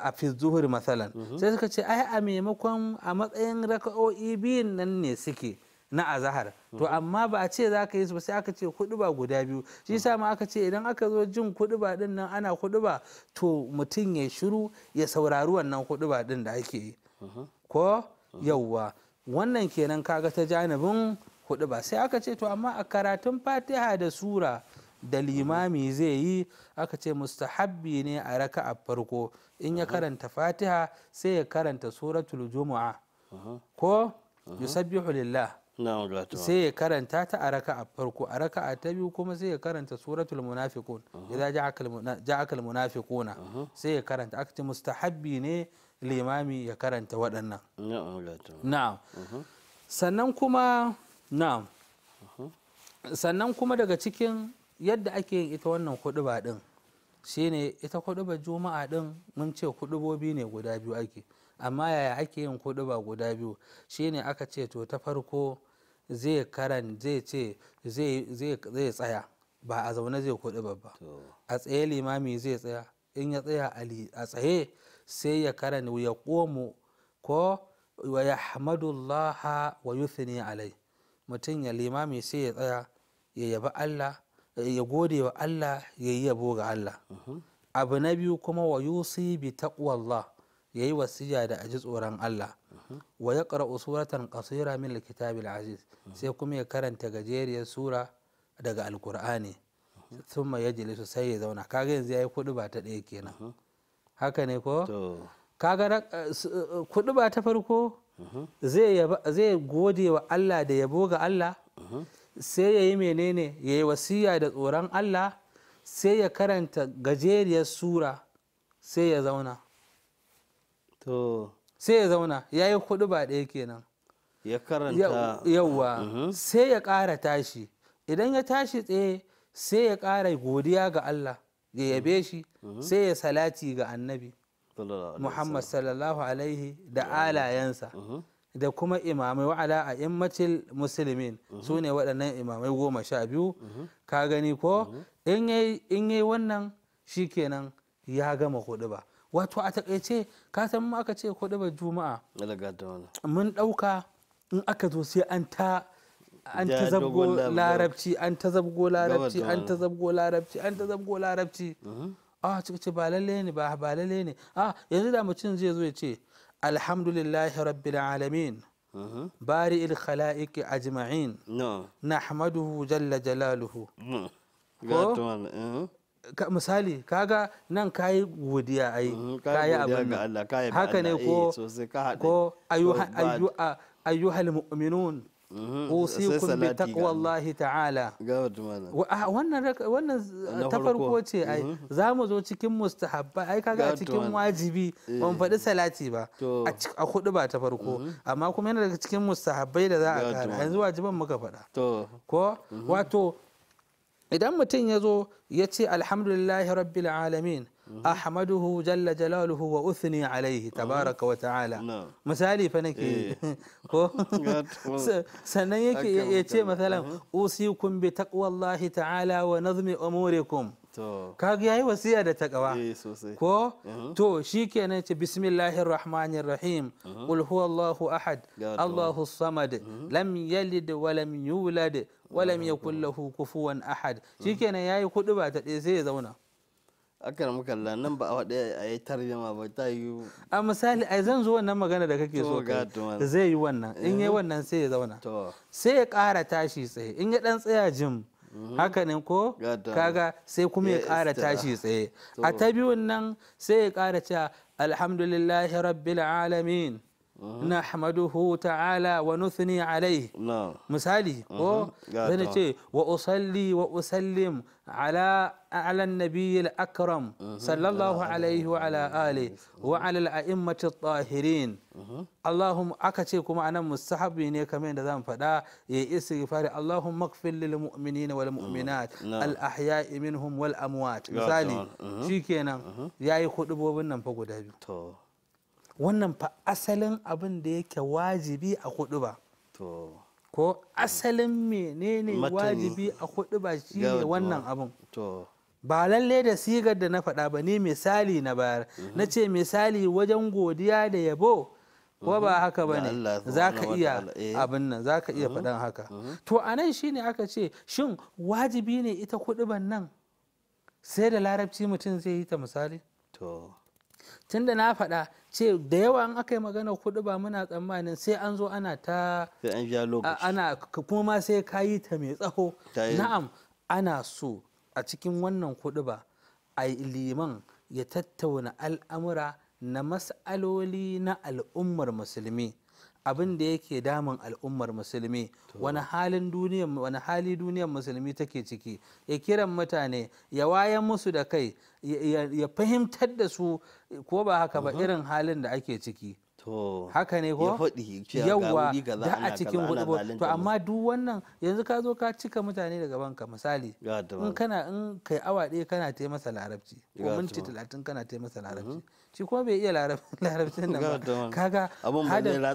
a fi zuhuri masalan mhm. sai suka ce ai a maimakon a matsayin raka'o'i biyun nan ne suke na azahar to mhm. amma ba a ce za ka yi su ba sai aka ce ba guda biyu shi mhm. sa ma aka ce idan aka zo jin ba din nan ana ba to mutum ya shiru ya saurari wannan ba din da ake yi uh-huh. ko uh-huh. yauwa wannan kenan kaga ta janibin ba sai aka ce to amma a karatun fatiha da sura da uh-huh. limami zai yi aka ce mustahabbi ne a raka a farko in ya karanta fatiha sai ya karanta suratul juma'a ko yusabbihu lillah sai ya karanta ta a raka'a farko a raka'a ta biyu kuma sai ya karanta suratul munafiqun ja akal munafiquna sai ya karanta aka ce mustahabbi ne limami ya karanta waɗannan na'am sannan kuma na'am sannan kuma daga cikin yadda ake yin ita wannan kuɗuba din shine ita kuɗuba juma'a din mun ce kuɗubobi ne guda biyu ake amma yaya ake yin kuɗi ba guda biyu shi ne aka ce to ta farko zai karan zai ce zai tsaya ba a zaune zai kuɗi ba a tsaye limami zai tsaya in ya tsaya a tsaye sai ya karan ya komo ko wa ya wa yuthni alai mutum ya limami sai ya tsaya ya yabi Allah ya gode wa Allah ya yi yabo ga Allah mhm. abu na biyu kuma wa yusi bi taqwallah ya yi wasiya da aji tsoron Allah wa ya ƙara'u suratan ƙasira min likitabil aziz sai kuma ya karanta gajeriyar sura daga alkur'ani sun ma yajili su sai ya zauna kaga yanzu ya yi kuɗi ba ta ɗaya kenan haka ne ko kaga kuɗi eh, eh, ba ta farko zai gode wa Allah da yabo ga Allah sai ya yi menene ya yi wasiya da tsoron Allah sai ya karanta gajeriyar sura sai ya zauna to sai ya zauna ya yi kudu ba ɗaya kenan ya karanta yauwa mm-hmm. sai ya ƙara tashi idan ya tashi tsaye sai ya ƙara godiya ga Allah ya mm-hmm. yabe shi mm-hmm. sai ya salati ga annabi Muhammad sallallahu alaihi da alayensa da kuma imamai wa'ala a immacin musulmin su ne waɗannan imamai goma sha biyu ka gani ko in yi wannan shi shikenan ya gama hudu ba wato a takaice ka san mu aka ce ba juma'a mun dauka in aka zo sai an ta an ta zabgo larabci an ta zabgo larabci an ta zabgo larabci an ta zabgo larabci a cika ce ba lalle ne ba ba lalle ne a yanzu da mutum zai zo ya ce alhamdulillahi rabbil alamin mhm. bari il khala'iqi ajma'in nahmaduhu jalla jalaluhu hmm. misali kaga nan kayi godiya ai mm-hmm. kayi abin nan haka ne ko eh, ko ayyuhal mu'minun mm-hmm. usikum bi taqwallahi ta'ala wannan wannan ta farko ce ai mm-hmm. za mu zo cikin mustahabba ai kaga a cikin wajibi eh. ban faɗi salati ba a kudu ba ta farko amma kuma yana daga cikin mustahabbai da za a kara yanzu wajiban muka faɗa ko wato idan mutum ya zo ya ce alhamdulillahi rabbil alamin mhm. ahmaduhu jalla jalaluhu wa uthni alaihi mhm. tabaraka wa ta'ala misali fa nake eh. ko sannan yake ya ce masalan mhm. usikum bi taqwallahi ta'ala wa nazmi umurikum ka ga yayi wasiya da takawa eh, ko uh-huh. to shikenan ce bismillahir rahmanir rahim uh-huh. qul huwallahu ahad allahus samad uh-huh. lam yalid wa lam yulad wa lam yakul lahu kufuwan ahad shikenan yayi kudu ba ta ɗaya sai ya zauna akan makalla nan ba a waɗe a yi tarjama ba ta yi a misali ai zan zo wannan magana da kake so zai yi wannan in yi wannan sai ya zauna sai ya kara tashi tsaye in ya dan tsaya jim Mhm. haka ne ko kaga sai kuma ya eh, ƙara tashi tsaye a ta biyun nan sai ya ƙara cewa alhamdulillahi rabbil alamin nahmaduhu ta'ala wa nuthni alayhi misali ko zan ce wa usalli wa u sallim ala nabiyyi akram sallallahu alaihi wa ala ali wa ala al-a'immati at aka ce kuma anan mustahabi ne kamar da zan faɗa ya istighfari Allahumma ighfir lil mu'minina wal mu'minat al ahya'i minhum wal amwat misali shikenan yayi hudubobin nan fa guda biyu wannan fa asalin abin da yake wajibi a kudu ba ko asalin menene wajibi a kudu ba shi ne wannan abin ba lalle da sigar da na faɗa ba ne misali na bayar mhm. na ce misali wajen godiya da yabo ko ba mhm. haka ba ne za ka iya eh. abin nan za ka iya mhm. faɗan haka to a nan shine aka ce shin wajibi ne ita kuɗi nan sai da larabci mutum zai yi ta misali tunda na faɗa ce da yawa an aka yi magana kuɗi ba muna tsammanin sai an zo ana ta ana kuma ma sai ka yi ta mai tsaho na'am ana so a cikin wannan kuɗi ba a liman ya tattauna al'amura na mas'aloli na al'ummar musulmi abin da yake damun al'ummar musulmi wani hali duniyar musulmi take ciki ya kiran mutane ya wayan musu da kai ya fahimtar da su ko ba haka ba irin halin da ake ciki haka ne ko yawwa da a cikin hudu to amma duk wannan yanzu ka zo ka cika mutane daga banka misali in kana in kai awa ɗaya kana ta masa larabci ko minti talatin kana ta masa larabci mhm. shi kuma bai iya larabcin nan ba kaga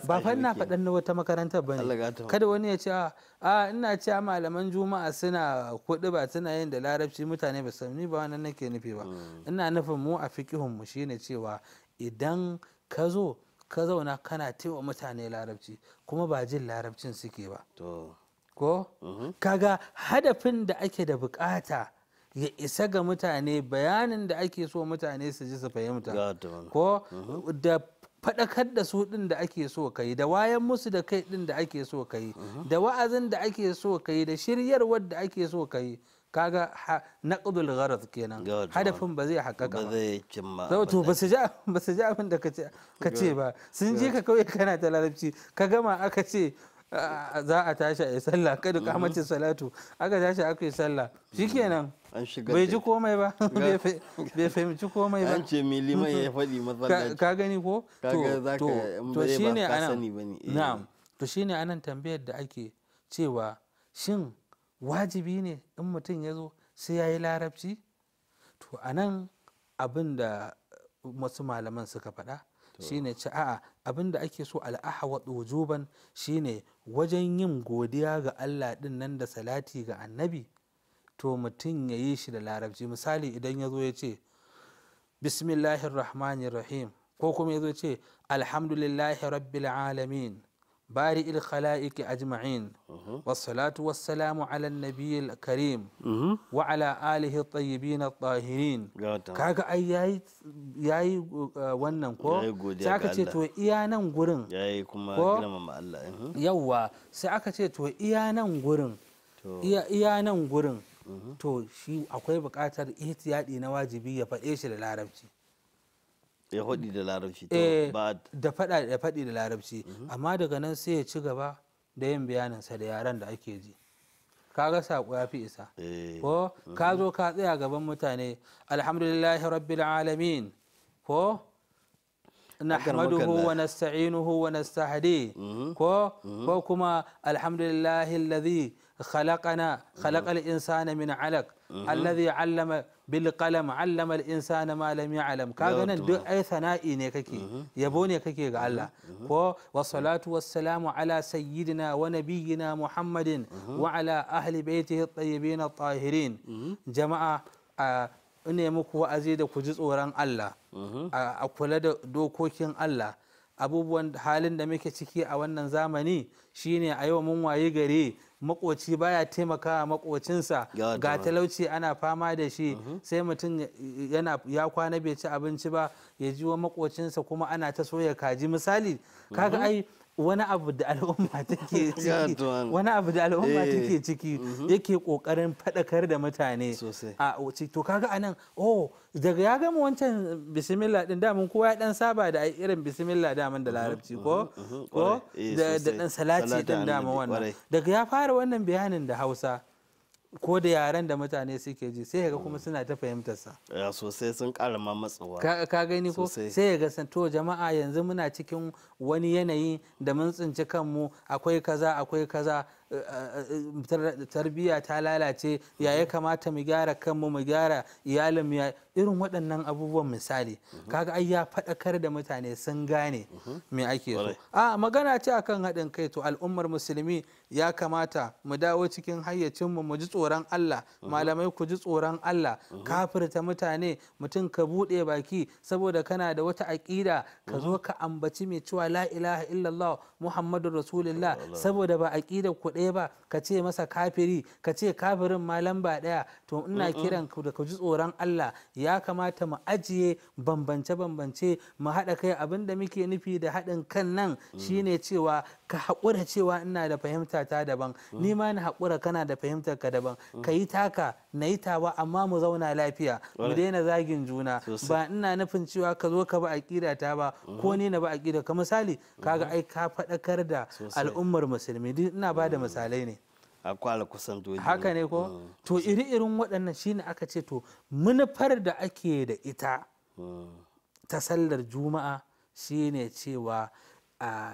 ba fanna faɗan na wata makarantar ba ne kada wani ya ce ah, a ina ce malaman juma'a suna kuɗi ba suna yin da larabci mutane ba sami ba wannan nake nufi ba mm. ina nufin mu a fikihun mu shine cewa idan ka zo ka zauna kana taimaka mutane larabci kuma ba jin larabcin suke ba ko mm-hmm. kaga hadafin da ake da bukata ya isa ga mutane bayanin da ake so mutane su ji su fahimta ko mm-hmm. da faɗakar da su ɗin da ake so ka yi da wayan musu da kai ɗin da ake so ka yi mm-hmm. da wa'azin da ake so ka yi da shiryarwar da ake so ka yi kaga naqdul gharad kenan hadafin ba zai haƙaƙa ba zai cimma ba to ba su ja ba su ja abin da ka ce ba sun je ka kawai kana ta larabci ka gama aka ce za a tashi a yi sallah kada kamacin mm-hmm. salatu aka tashi aka yi sallah mm-hmm. shikenan bai ji komai ba bai fahimci komai ba an ce mai liman ya faɗi masallaci ka gani ko to shine anan eh. na'am to shine anan tambayar da ake cewa shin wajibi ne in mutum ya zo sai ya yi larabci to a nan abin da wasu malaman suka faɗa shine ci a'a abin da ake so al'aha al'ahawa wujuban shine wajen yin godiya ga allah ɗin nan da salati ga annabi to mutum ya yi shi da larabci misali idan ya zo ya ce bismillahir ko kuma ya zo ce alhamdulillahi rabbil alamin بارئ الخلائق أجمعين والصلاة والسلام على النبي الكريم وعلى آله الطيبين tahirin. كاغا أي ياي ياي wannan ko sai aka ce to iya nan gurin yayi kuma girmama Allah yawa sai aka ce to iya nan gurin iya nan gurin to shi akwai buƙatar ihtiyadi na wajibi ya faɗe shi da larabci ya faɗi da larabci eh, da faɗa da faɗi da larabci amma daga nan sai ya ci gaba da yin bayaninsa da yaran da ake ji kaga saƙo ya fi isa eh. ko ka zo ka tsaya gaban mutane alhamdulillahi rabbil alamin ko نحمده ونستعينه ونستهديه كو كو كما الحمد لله الذي خلقنا خلق الإنسان من علق الذي علم bilkalam qalam allama al insana ma lam kaga nan duk ai sana'i ne kake yabo ne kake ga Allah ko wa salatu wassalamu ala sayyidina wa nabiyyina muhammadin wa ala ahli baitihi at-tayyibin at-tahirin jama'a ne muku wa'azi da ku ji tsoron Allah a kula da dokokin Allah abubuwan halin da muke ciki a wannan zamani shine a yau mun waye gare makoci baya taimaka makocinsa ga talauci ana fama da shi mhm. sai mutum ya kwana bai ci abinci ba ya ji wa makocinsa kuma ana ta soya kaji misali kaga mhm. ai wani abu da al'umma take ciki wani abu da al'umma eh. take ciki mm-hmm. yake kokarin fadakar da mutane a to kaga anan oh daga ya gama wancan bismillah din da mun kowa ya dan saba da irin bismillah mun da mm-hmm. larabci mm-hmm. ko ko eh, da dan salati din mun wannan daga ya fara wannan bayanin da Hausa ko da yaren da mutane suke ji sai ga kuma suna ta fahimtarsa. sa sosai sun ƙara ma matsuwa ka gani ko sai ga to jama'a yanzu muna cikin wani yanayi da mun tsinci kanmu akwai kaza akwai kaza Eh, eh, eh, tarbiyya ta lalace ya ya kamata mu gyara kanmu mu gyara iyalinmu ya irin waɗannan abubuwan misali mhm. kaga ai ya faɗakar da mutane sun gane mhm. me ake so a magana ce akan haɗin kai to al'ummar musulmi ya kamata mu dawo cikin hayyacinmu mu ji tsoron Allah mhm. malamai ku ji tsoron Allah kafirta mutane mutum ka buɗe baki saboda kana da wata aƙida ka zo ka ambaci mai cewa la ilaha illallah muhammadu rasulullah saboda ba aƙida ku ɗaya ba ka ce masa kafiri ka ce kafirin ma lamba ɗaya to ina kiran da ka ji tsoron Allah ya kamata mu ajiye bambance bambance mu haɗa kai abin da muke nufi da haɗin kan nan mm. shine cewa ka haƙura cewa ina da fahimta ta daban mm. ni ma na haƙura kana da fahimtar ka daban mm. ka yi taka na yi tawa amma mu zauna lafiya mu daina zagin juna ba ina nufin cewa ka zo ka ba aƙida ta ba ko mm-hmm. ni na ba aƙida ka misali kaga mm-hmm. ai ka faɗakar da al'ummar musulmi ina ba da misalai ne a kwala kusan doji haka ne ko mm. to iri-irin waɗannan shine aka ce to munufar da ake da ita mm. ta sallar juma'a shine cewa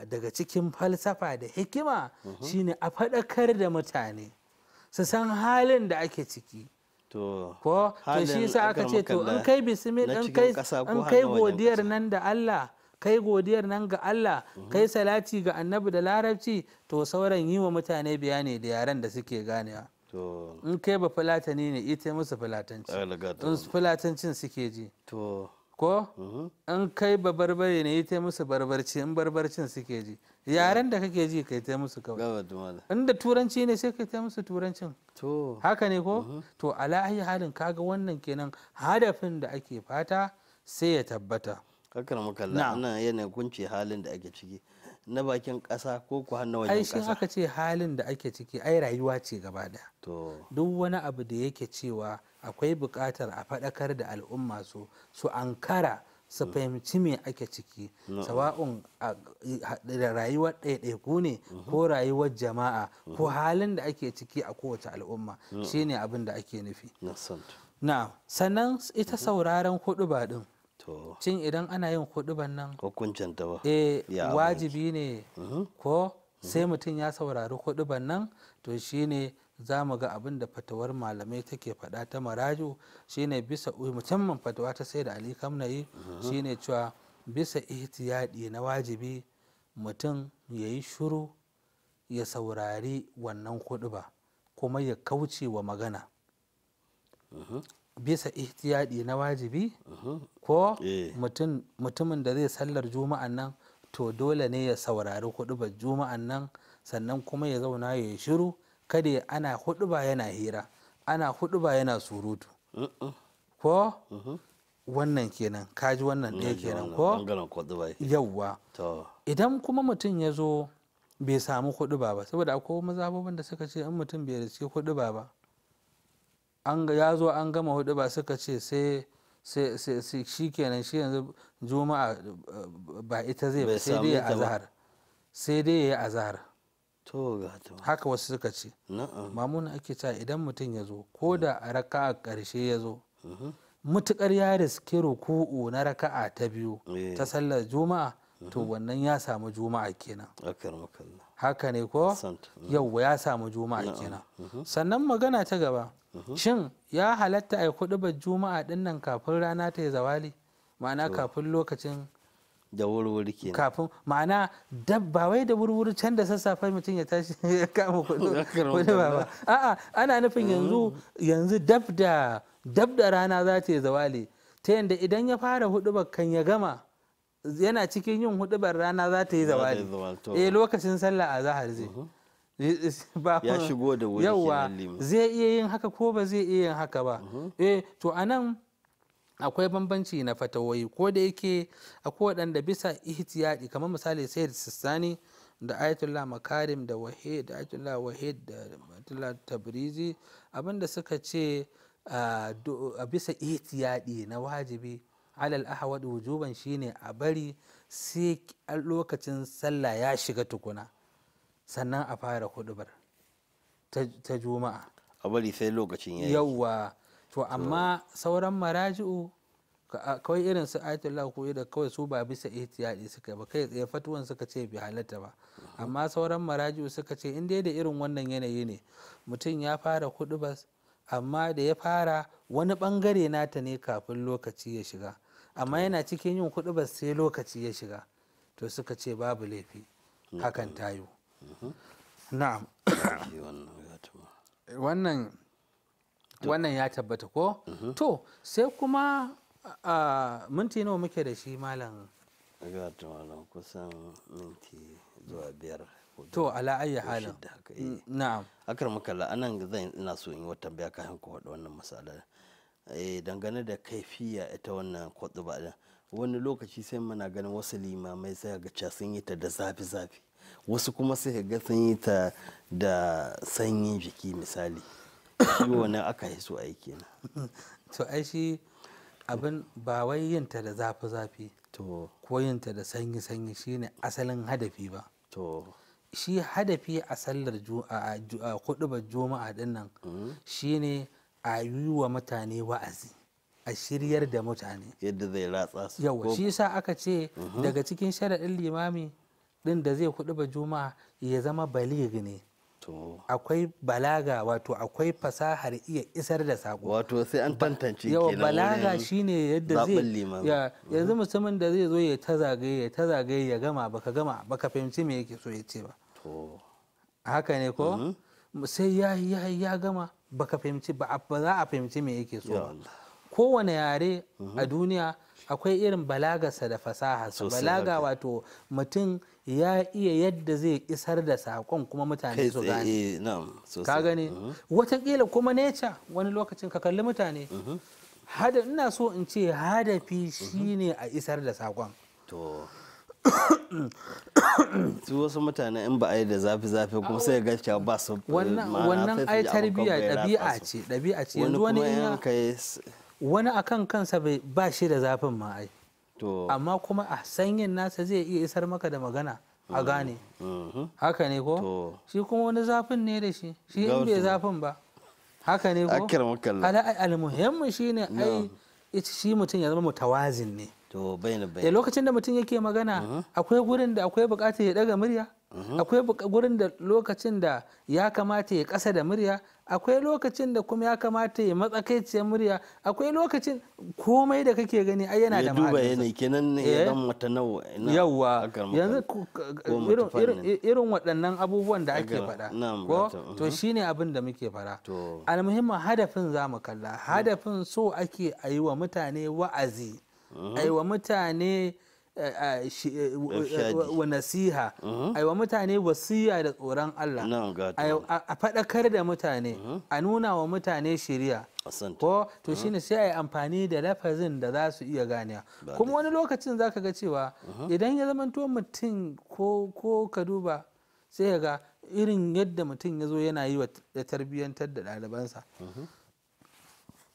daga cikin falsafa da hikima mm-hmm. shine a faɗakar da mutane su san halin da ake ciki ko to shi sa aka ce to in kai bismil in kai godiyar nan da Allah kai godiyar nan ga Allah mhm. kai salati ga annabi da larabci to sauran yi wa mutane bayani da yaren da suke ganewa in kai ba fulatani ne ita musu fulatanci in fulatancin suke ji ko mhm. in kai ba barbare ne ita musu barbarci in barbarcin suke ji yaren da kake ji kai ta musu kawai inda turanci ne sai kai ta musu turancin haka ne ko mhm. to ala halin kaga wannan kenan hadafin da ake fata sai ya tabbata kakar makalla ana yanayin kunce halin da ake ciki na bakin kasa ko ku hannu wajen kasa ai shi aka ce halin da ake ciki ai rayuwa ce gaba da duk wani abu da yake cewa akwai buƙatar a faɗakar da al'umma su su ankara su mm. fahimci me ake ciki sawa'un da rayuwar ɗaiɗaiku ne mm-hmm. ko rayuwar jama'a ko mm-hmm. halin da ake ciki a kowace al'umma shine abin da ake nufi na sannan ita mm-hmm. sauraron kuɗi ba ɗin cin idan ana yin huduban nan hukuncin ta ba eh wajibi ne mhm. ko sai mutum ya saurari huduban nan to shine za mu ga abin da fatawar malamai take faɗa ta maraju shine bisa musamman fatawa ta sai da ali mhm. shine cewa bisa ihtiyadi na wajibi mutum ya yi shuru ya saurari wannan kuɗi kuma ya kauce wa magana mhm. bisa ihtiyadi na wajibi ko eh. mutumin da zai sallar juma'an nan to dole ne ya saurari hudubar juma'an nan sannan kuma ya zauna ya yi shiru kada ya ana huduba yana hira ana huduba yana surutu ko mm-hmm. wannan kenan kaji wannan ɗaya kenan ko yauwa idan kuma mutum ya zo bai samu huduba ba saboda akwai mazababin da suka ce in mutum bai riske huduba ba ya zo an gama hudu ba suka ce sai shi kenan shi yanzu juma'a eh, ba ita zai ba sai dai ya azahar sai dai ya azahar haka wasu suka ce mamuna ake cewa idan mutum ya zo ko da a raka'a ƙarshe ya zo mhm. mutukar ya riske ruku'u na raka'a ta biyu eh. ta sallar juma'a to mhm. wannan ya samu juma'a kenan haka ne ko yau ya samu juma'a kenan mhm. sannan magana ta gaba Uh-huh. shin ya halatta a yi ba juma'a dinnan kafin rana ta yi zawali ma'ana kafin lokacin da wurwuri ke kafin ma'ana dabba wai da wurwuri can da sassafe mutum ya tashi ya kama kudu ba a'a ana nufin yanzu mm. yanzu dab da dab da rana za ta yi zawali ta yanda idan ya fara hudubar kan ya gama yana cikin yin hudubar rana za ta yi zawali eh lokacin sallah a zahar zai uh-huh. ya shigo da wuri yawa zai iya yin haka ko ba zai iya yin haka ba mm-hmm. eh to anan akwai bambanci na fatawai ko da yake akwai waɗanda bisa ihtiyadi kamar misali sayyid sissani da ayatullah makarim da wahid da wahid da ayatullah tabrizi abinda suka ce a bisa ihtiyadi na wajibi alal ahwad wujuban shine a bari sai lokacin sallah ya shiga tukuna sannan a fara hudubar ta juma'a a bari sai lokacin yayi yawa to amma sauran maraji'u kawai irin su ayatollah ko da kawai su ba bisa ihtiyadi suka ba kai tsaye fatuwan suka ce bi halatta ba amma sauran maraji'u suka ce in dai da irin wannan yanayi ne mutum ya fara hudubar amma da ya fara wani bangare nata ne kafin lokaci ya shiga amma yana cikin yin hudubar sai lokaci ya shiga to suka ce babu laifi hakan tayo na'am wannan wannan ya tabbata ko mm-hmm. to sai kuma minti nawa muke da shi malam malam kusan minti zuwa biyar to ala ayyi halin eh. na'am akar maka la'anan zan ina so in wata biya kayan ku faɗi wannan misalan eh, dangane da kaifiya ita wannan ba wani lokaci sai muna ganin wasu limamai sai ga sun yi ta da zafi zafi wasu kuma sai ga sun ta da sanyin jiki misali ciwo wani aka yi so aiki na to ai shi abin ba wai yinta da zafi zafi to ko yinta da sanyi sanyi shine asalin hadafi ba to shi hadafi a sallar kudubar juma'a din nan mm-hmm. shine a yi wa mutane wa'azi a shiryar da mutane yadda zai ratsa su yawa shi yasa aka ce mm-hmm. daga cikin sharaɗin limami din da zai kuɗi ba juma'a ya zama baligi ne akwai balaga wato akwai fasahar iya isar da sako wato sai an tantance yawa balaga shine yadda zai ya yanzu musamman da zai zo ya ta zagaye ya ta zagaye ya gama baka gama baka fahimci me yake so ya ce ba haka ne ko sai ya ya ya gama baka fahimci ba za a fahimci me yake so ba kowane yare a duniya akwai irin balagarsa da fasaha balaga wato mutum ya iya yadda zai isar da saƙon kuma mutane su gane eh, ka gane mm-hmm. watakila kuma neca wani lokacin ka kalli mutane mm-hmm. hada ina so in ce hadafi mm-hmm. shine a isar da saƙon su wasu mutane in ba a yi da zafi-zafi kuma sai ga cewa ba su eh, wannan ai tarbiyya ɗabi'a ce ɗabi'a ce yanzu wani in wani akan kansa ba shi da zafin ma ai amma kuma a sanyin nasa zai iya isar maka da magana a mm-hmm. gane mm-hmm. haka ne ko shi kuma wani zafin ne da shi shi in bai zafin ba haka ne ko almuhimmi shi ne ai shi mutum ya zama mutawazin ne a eh, lokacin da mutum yake magana mm-hmm. akwai gurin da akwai bukatar ya daga murya akwai gurin da lokacin da ya kamata ya kasa da murya akwai lokacin da kuma ya kamata ya matsakaiciyar murya akwai lokacin komai da kake gani ai yana da duba yana kenan ya dan eh? mata nawa yawa yanzu irin waɗannan abubuwan da ake faɗa ko uh-huh. to shine abin da muke fara almuhimmin hadafin zamu kalla hmm. hadafin so ake ayiwa yi wa mutane wa'azi a mutane wa nasiha aiwa mutane wasiya da tsoron Allah a faɗakar da mutane uh-huh. a nuna wa mutane shirya ko to uh-huh. shine sai a yi amfani da lafazin da za su iya ganiya kuma wani lokacin zaka ga cewa uh-huh. idan ya zamanto mutum ko ka duba sai ga irin yadda mutum ya zo yana yi wa tarbiyyantar da ɗalibansa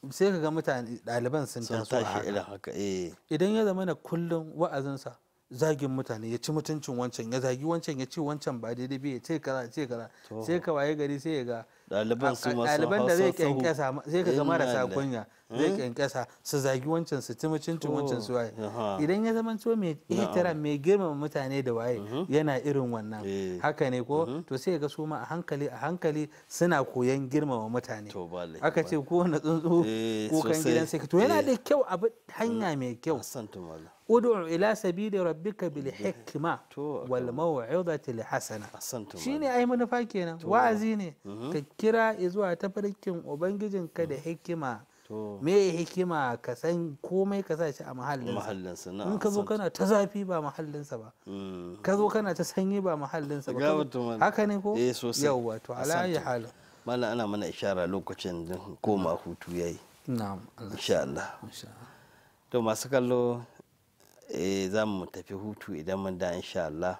sai ka ga mutane ɗaliban sun tashi haka eh. idan ya zama na kullum wa'azinsa zagin mutane ya ci mutuncin wancan ya zagi wancan ya ci wancan ba daidai bai ya ce kaza ce kaza sai ka waye gari sai ya ga ɗaliban su masu ɗaliban da zai kyankyasa sai ka gama da sakonya zai kyankyasa hmm? su zagi wancan su ci mutuncin wancan su waye idan ya zama to mai ihtira mai girmama mutane da waye mm-hmm. yana irin wannan eh. haka ne ko mm-hmm. to sai ga su ma a hankali a hankali suna koyan girmama mutane aka ce ko na tsuntsu eh, kukan gidan sai to yana da eh. kyau abu hanya mm. mai kyau ud'u ila sabili rabbika bil hikma wal maw'izati al hasana shine ai manufa kenan wa'azi ne ka kira zuwa ubangijin ka da hikima me hikima ka san komai ka a shi a mahallinsa in ka zo kana ta zafi ba sa ba ka zo kana ta sanyi ba sa ba haka ne ko yawwa to ala ayi halin mala ana mana ishara lokacin koma hutu yayi na'am insha Allah to masu kallo eh za mu tafi hutu idan mun da insha Allah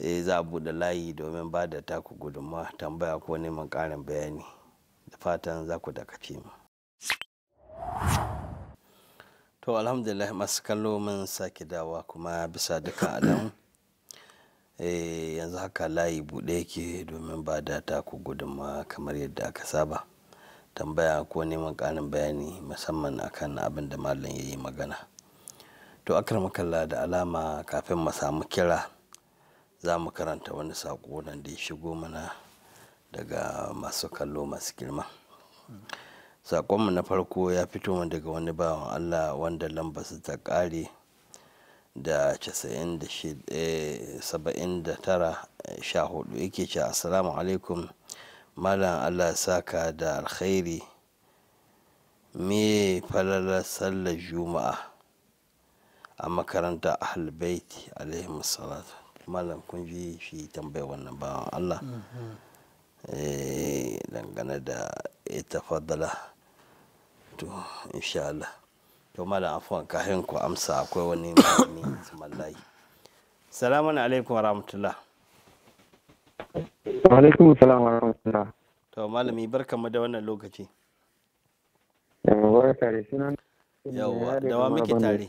eh, za a buɗe layi domin ba da taku gudunma tambaya ko neman ƙarin bayani da fatan za ku dakace mu to alhamdulillah masu kallo mun sake dawa kuma bisa dukkan adam e eh, yanzu haka layi buɗe yake domin ba da taku gudunma kamar yadda aka saba tambaya ko neman ƙarin bayani musamman akan abin da malam ya yi magana to makalla da alama kafin mu samu kira za mu karanta wani saƙo nan da ya shigo mana daga masu kallo masu girma saƙonmu na farko ya fito mu daga wani bawan allah wanda su ta ƙare da 79 eh, eh, yake ce assalamu alaikum malam allah saka da alkhairi me falalar sallar juma'a a makaranta ahlul alaihim salatu malam kun ji shi tambaya wannan bawan Allah eh, dangane da ita fadala to insha Allah to malam afwan kahin ku amsa akwai wani mai mallahi salamu alaikum wa rahmatullah alaikum salam wa rahmatullah to malami barkamu da wannan lokaci yawa da wa muke tare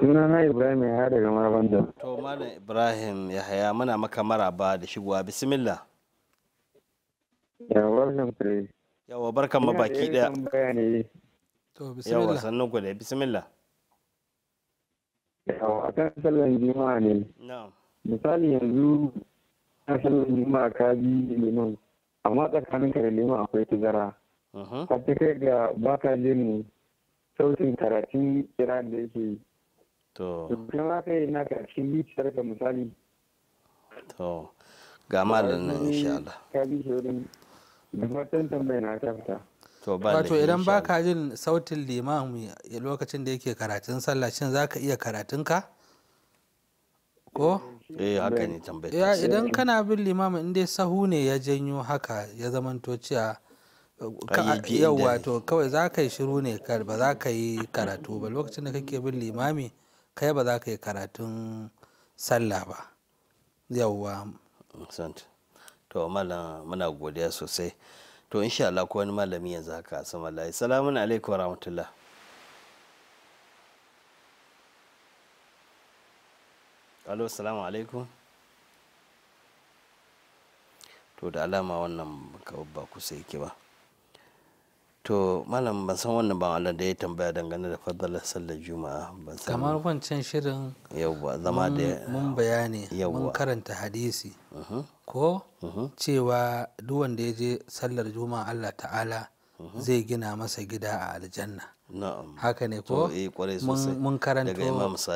suna na ibrahim ya daga maraban da to mana ibrahim ya haya muna maka maraba da shigowa bismillah yawa barkan Fure. yawa barkan mabaki daya yawa sannan ku da bismillah yawa akan sallan juma'a ne misali yanzu a sallan juma'a ka bi liman amma tsakanin ka da liman akwai tazara mhm. ka kai ga baka jin sautin karatun kira da yake to kuma ka yi na karshen zuciyar ka misali to ga malamin insha Allah ka bi shi da fatan tambayar na ta fita wato idan baka jin sautin liman lokacin da yake karatun sallah shin zaka iya karatun ka ko eh haka ne tambayar idan kana bin limamin inda sahu ne ya janyo haka ya zamanto cewa yauwa to kawai za ka yi shiru ne ba za ka yi karatu ba lokacin da kake bin limami kai ba za ka yi karatun sallah ba yawwa to malam muna godiya sosai to insha Allah ko wani malami yanzu haka sama layi salamun alaikum rahmatullah alo salamu alaikum to da alama wannan ba kusa yake ba to malam ban san wannan ban Allah da ya tambaya dangane da fadalar sallar juma'a ban san kamar wancan shirin yawwa zama da mun bayani mun karanta hadisi mhm. ko mhm. cewa duk ya je sallar juma'a Allah ta'ala mhm. zai gina masa gida a aljanna haka ne ko eh, mun karanto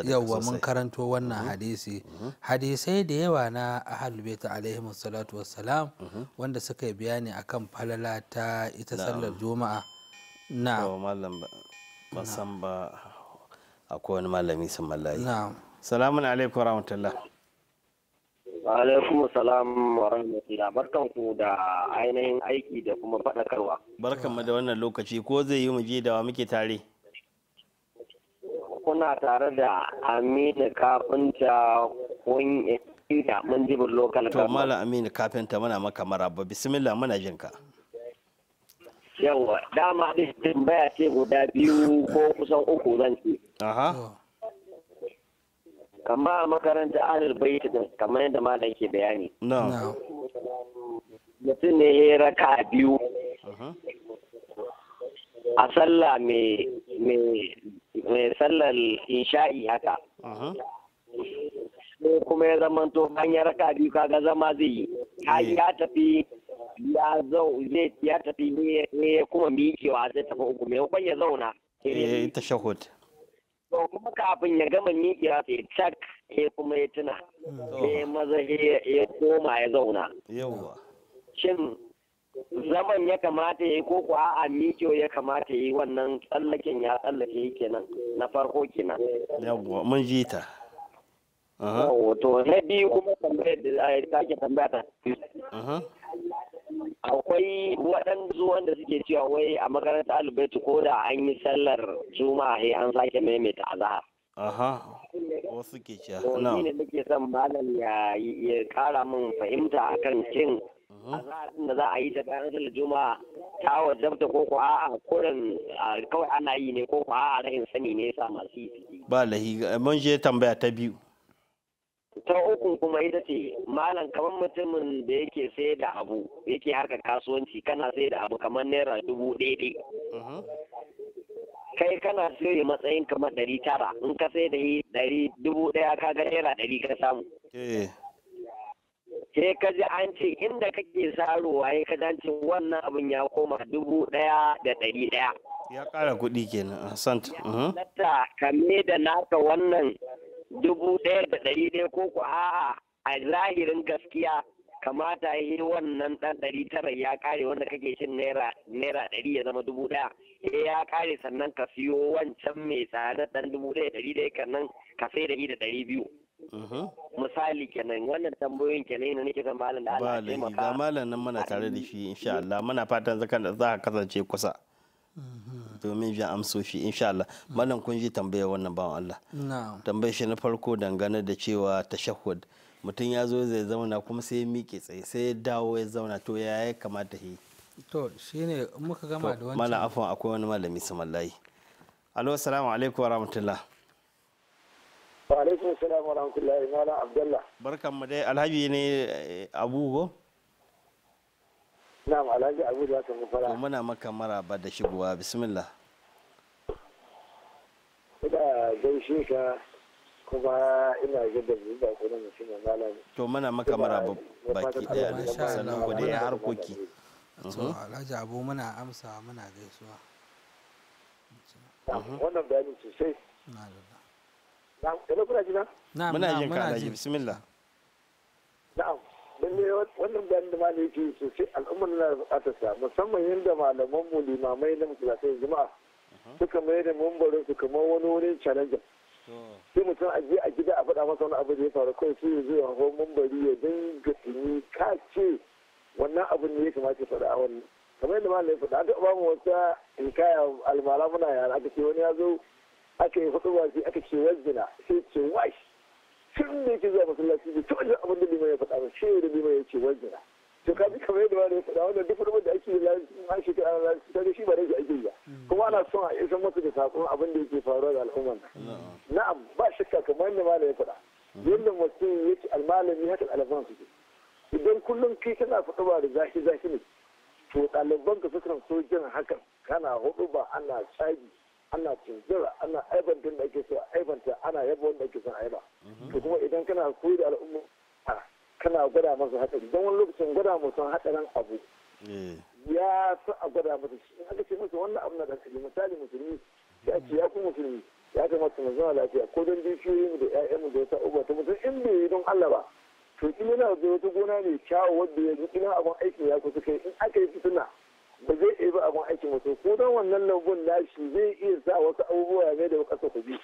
yawwa mun karanto wannan mm-hmm. hadisi mm-hmm. hadisai da yawa na ahlul bait alaihi salatu wassalam mm-hmm. wanda suka yi bayani akan falala ta ita sallar juma'a na malam ba san ba akwai wani malami sun mallaye salamun alaikum warahmatullahi alaikum salam wa rahmatullah barkan ku da ainihin aiki da kuma faɗakarwa barkan da wannan lokaci ko zai yi muje je da wa muke tare kuna tare da aminu kafinta kun ida mun jibin lokal to malam aminu kafinta muna maka maraba bismillah muna jinka yawa dama ɗin tambaya ce guda biyu ko kusan uku zan ce kamar a makaranta alil baiti din kamar yadda malam ke bayani mutum ne ya raka biyu uh-huh. a sallah mai sallar insha'i haka uh-huh. sai kuma ya zama to ya raka biyu kaga zama zai yi ya tafi ya zau ya tafi ne kuma miƙewa zai tafi uku ya zauna eh, ta shahud to kuma kafin ya gama miƙewa sai cak ya kuma ya tuna sai maza ya koma ya zauna yawwa shin zaman ya kamata ya yi ko kuwa a miƙo ya kamata ya yi wannan tsallaken ya tsallake kenan na farko kenan yawwa mun ji ta to na biyu kuma tambayar da ta ke tambaya ta akwai waɗansu wanda suke cewa wai a makaranta albaitu ko da an yi sallar juma'a sai an sake maimaita azahar aha wasu ke cewa na ne nake son malam ya ya kara min fahimta akan cin mhm. azahar da za a yi ta bayan sallar juma'a ta wajabta ko ko a'a kurin kawai ana yi ne ko ko a'a rahin sani ne sa masu yi ba lahi mun je tambaya ta biyu ta uku kuma ita ce malam kamar mutumin da yake sai da abu yake harka kasuwanci kana sai da abu kamar naira dubu ɗaya mhm. kai kana sai matsayin kamar ɗari tara in ka sai da ɗari dubu ɗaya ka ga naira ɗari ka samu Ke eh. ka ji an ce inda kake sarowa ya ka dance wannan abin ya koma dubu ɗaya da ɗari ɗaya ya ƙara kuɗi kenan santa mhm. ka me da naka wannan dubu ɗaya da ɗari ɗaya ko ku a'a a zahirin gaskiya kamata yi wannan ɗan ɗari tara ya ƙare wanda kake cin naira naira ɗari ya zama dubu ɗaya eh, ya ƙare sannan ka siyo wancan mai tsada ɗan dubu ɗaya ɗari ɗaya kannan ka sai da da ɗari biyu. Mhm. misali kenan wannan tambayoyin kenan yana nake kan malam da Allah ya taimaka. Ba malam nan muna tare da shi insha Allah muna fatan za ka kasance kusa. domin jin amsoshi insha Allah malam kun ji tambaya wannan bawan Allah tambayar shi na farko dangane da cewa tashahud mutum ya zo zai zauna kuma sai ya miƙe tsaye sai ya dawo ya zauna to ya ya kamata yi to shine muka gama da wancan malam afwan akwai wani malami samallahi alo assalamu alaikum wa rahmatullah wa alaikum assalam wa rahmatullahi malam abdullah barkan mu dai alhaji ne eh, abugo Na'am Alhaji Abu da kan fara. To muna maka maraba da shigowa bismillah. Ina gaishe ka kuma ina yadda da ba kuma mutum ya malami. To muna maka maraba baki daya da sanan ku da ya harkoki. To mhm. Alhaji Abu muna amsa muna gaisuwa. Mhm. Wannan bayani sosai. Na Na'am. Na'am. Muna jin ka Alhaji bismillah. Na'am. ne wannan bayanin da malai su sai al'ummar na bukatar sa musamman yadda malaman mu limamai na musulatai jama'a uh-huh. suka mai da mambarin su kamar wani wani challenge sai mutum a je a gida a faɗa masa wani abu da ya faru kawai sai ya zo ya hau mambari ya dinga tuni ka ce wannan abu ne ya kamata ya faɗa a wannan kamar yadda malai faɗa an taɓa mu wata hikaya almara muna yara aka ce wani ya zo aka yi faɗuwa sai aka ce wajina sai ce wai sun da ke zuwa masallaci da ta wajen abin da liman ya faɗa ba shi da liman ya ce wajira to ka kamar yadda wani ya faɗa wannan duk wani da ake yi an shekara na ta ga shi ba da ake yi hmm. kuma ana son a isan masu da saƙon abin da yake faruwa da na na'am ba shakka kamar yadda malam ya faɗa hmm. yadda mutum yake almalami haka ɗaliban suke idan kullum kai kana faɗa ba da zafi zafi ne to ɗaliban ka sukan so jin hakan kana hudu ba ana tsagi ana tunzura ana aibanta da ake so a aibanta ana yaba wanda ake son aiba mhm. to kuma idan kana koyi da al'umma kana gwada masu hatsari don wani lokacin gwada musu hatsarin abu eh. ya sa a gwada masu shi in aka ce masa wannan abu na da kalli misali musulmi ya ce ya ku musulmi ya kamata mu zama lafiya ko don mu da mu da wata uba ta mutum in bai yi don Allah ba to in yana da wata gona mai kyawu wadda ya ji ina abin aikin ya kusa kai in aka yi fitina ba zai a abin aikin wasu ko don wannan lambun shi zai iya sa wasu abubuwa ya da kasa ku bi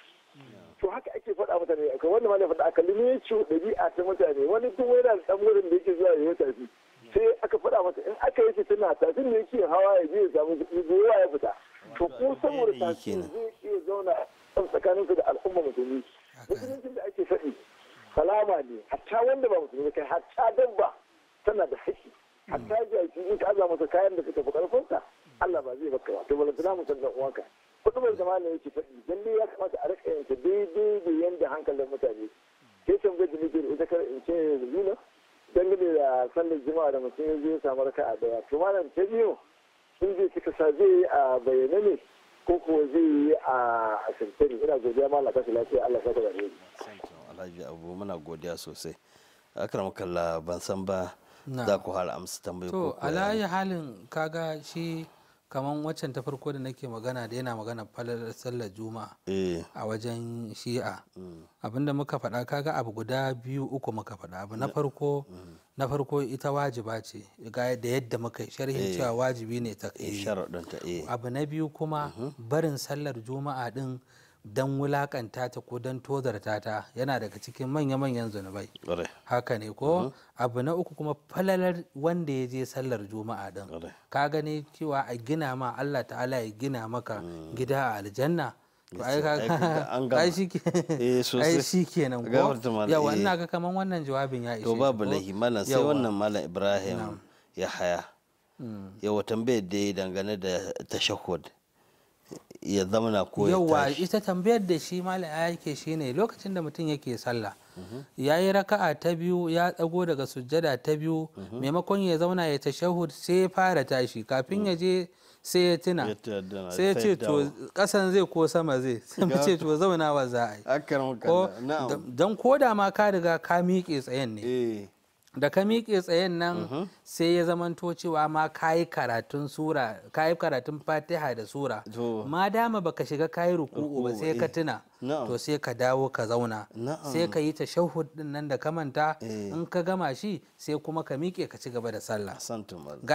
to haka ake faɗa mata ne akwai wanda ma ne faɗa akalli ne ce ɗabi'a ta mutane wani tun wani da ɗan da yake zuwa ya tafi sai aka faɗa mata in aka yi fitina tafin da yake hawa ya je ya samu zuwa ya fita to ko saboda tafin zai iya zauna tsakaninsu da al'umma musulmi musulmin da ake faɗi salama ne hatta wanda ba musulmi kai hatta dabba tana da haƙƙi hatta jaki in ka aza masa kayan da ka tafi ka Allah ba zai baka ba to balanta na musan da uwanka kudu bai zama ne yake faɗi dan ya kamata a rika yanke daidai da yanda hankalin mutane ke san gwaji ne ita kar in ce zuna dangane da sallar jima'a da mutum ya zai samu raka a daya to malam ta biyu sun zai cika sa zai a bayyane ne ko kuwa zai yi a asirce ne ina godiya malam kashi lafiya Allah saka da alheri. Alhaji Abu muna godiya sosai. Akram kalla ban san ba za ku har amsa tambayi to alayi halin kaga shi kaman waccan ta farko da nake magana da yana magana falar sallar juma'a eh. a wajen shi'a mm. abinda muka faɗa kaga abu guda biyu uku muka faɗa abu na farko mm. na farko ita wajiba ce da yadda muka sharhin eh. cewa wajibi ne ta eh, abu na biyu kuma mm-hmm. barin sallar juma'a din don wulakanta ta ko don tozarta ta yana daga cikin manya-manyan zunubai haka ne ko mm-hmm. abu na uku kuma falalar wanda ya je sallar juma'a din ka gani cewa a gina ma allah ta'ala ya gina maka mm. gida a aljanna ai shi eh, ko yawa ina eh. ga kaman wannan jawabin ya ishe to babu malam ibrahim ya haya mm. yawa tambayar da ya dangane da tashahud ya zamana ko ya yawa ita tambayar da shi malam yake ne lokacin da mutum yake sallah ya yi raka'a ta biyu ya tsago daga sujjada ta biyu maimakon ya zauna ya tashahud sai fara tashi kafin ya je sai ya tuna sai ya ce to kasan zai ko sama zai sai ya ce to zauna za a don ko da ma ka riga ka miƙe tsayen ne eh. da ka miƙe tsayen nan mm-hmm. sai ya zamanto cewa ma kayi karatun sura kayi karatun fatiha da sura ma dama baka shiga kayi ruku'u ba sai ka eh. tuna to sai ka dawo ka zauna sai ka yi tashahhud din nan da ka manta eh. in ka gama shi sai kuma ka miƙe ka ci gaba da sallah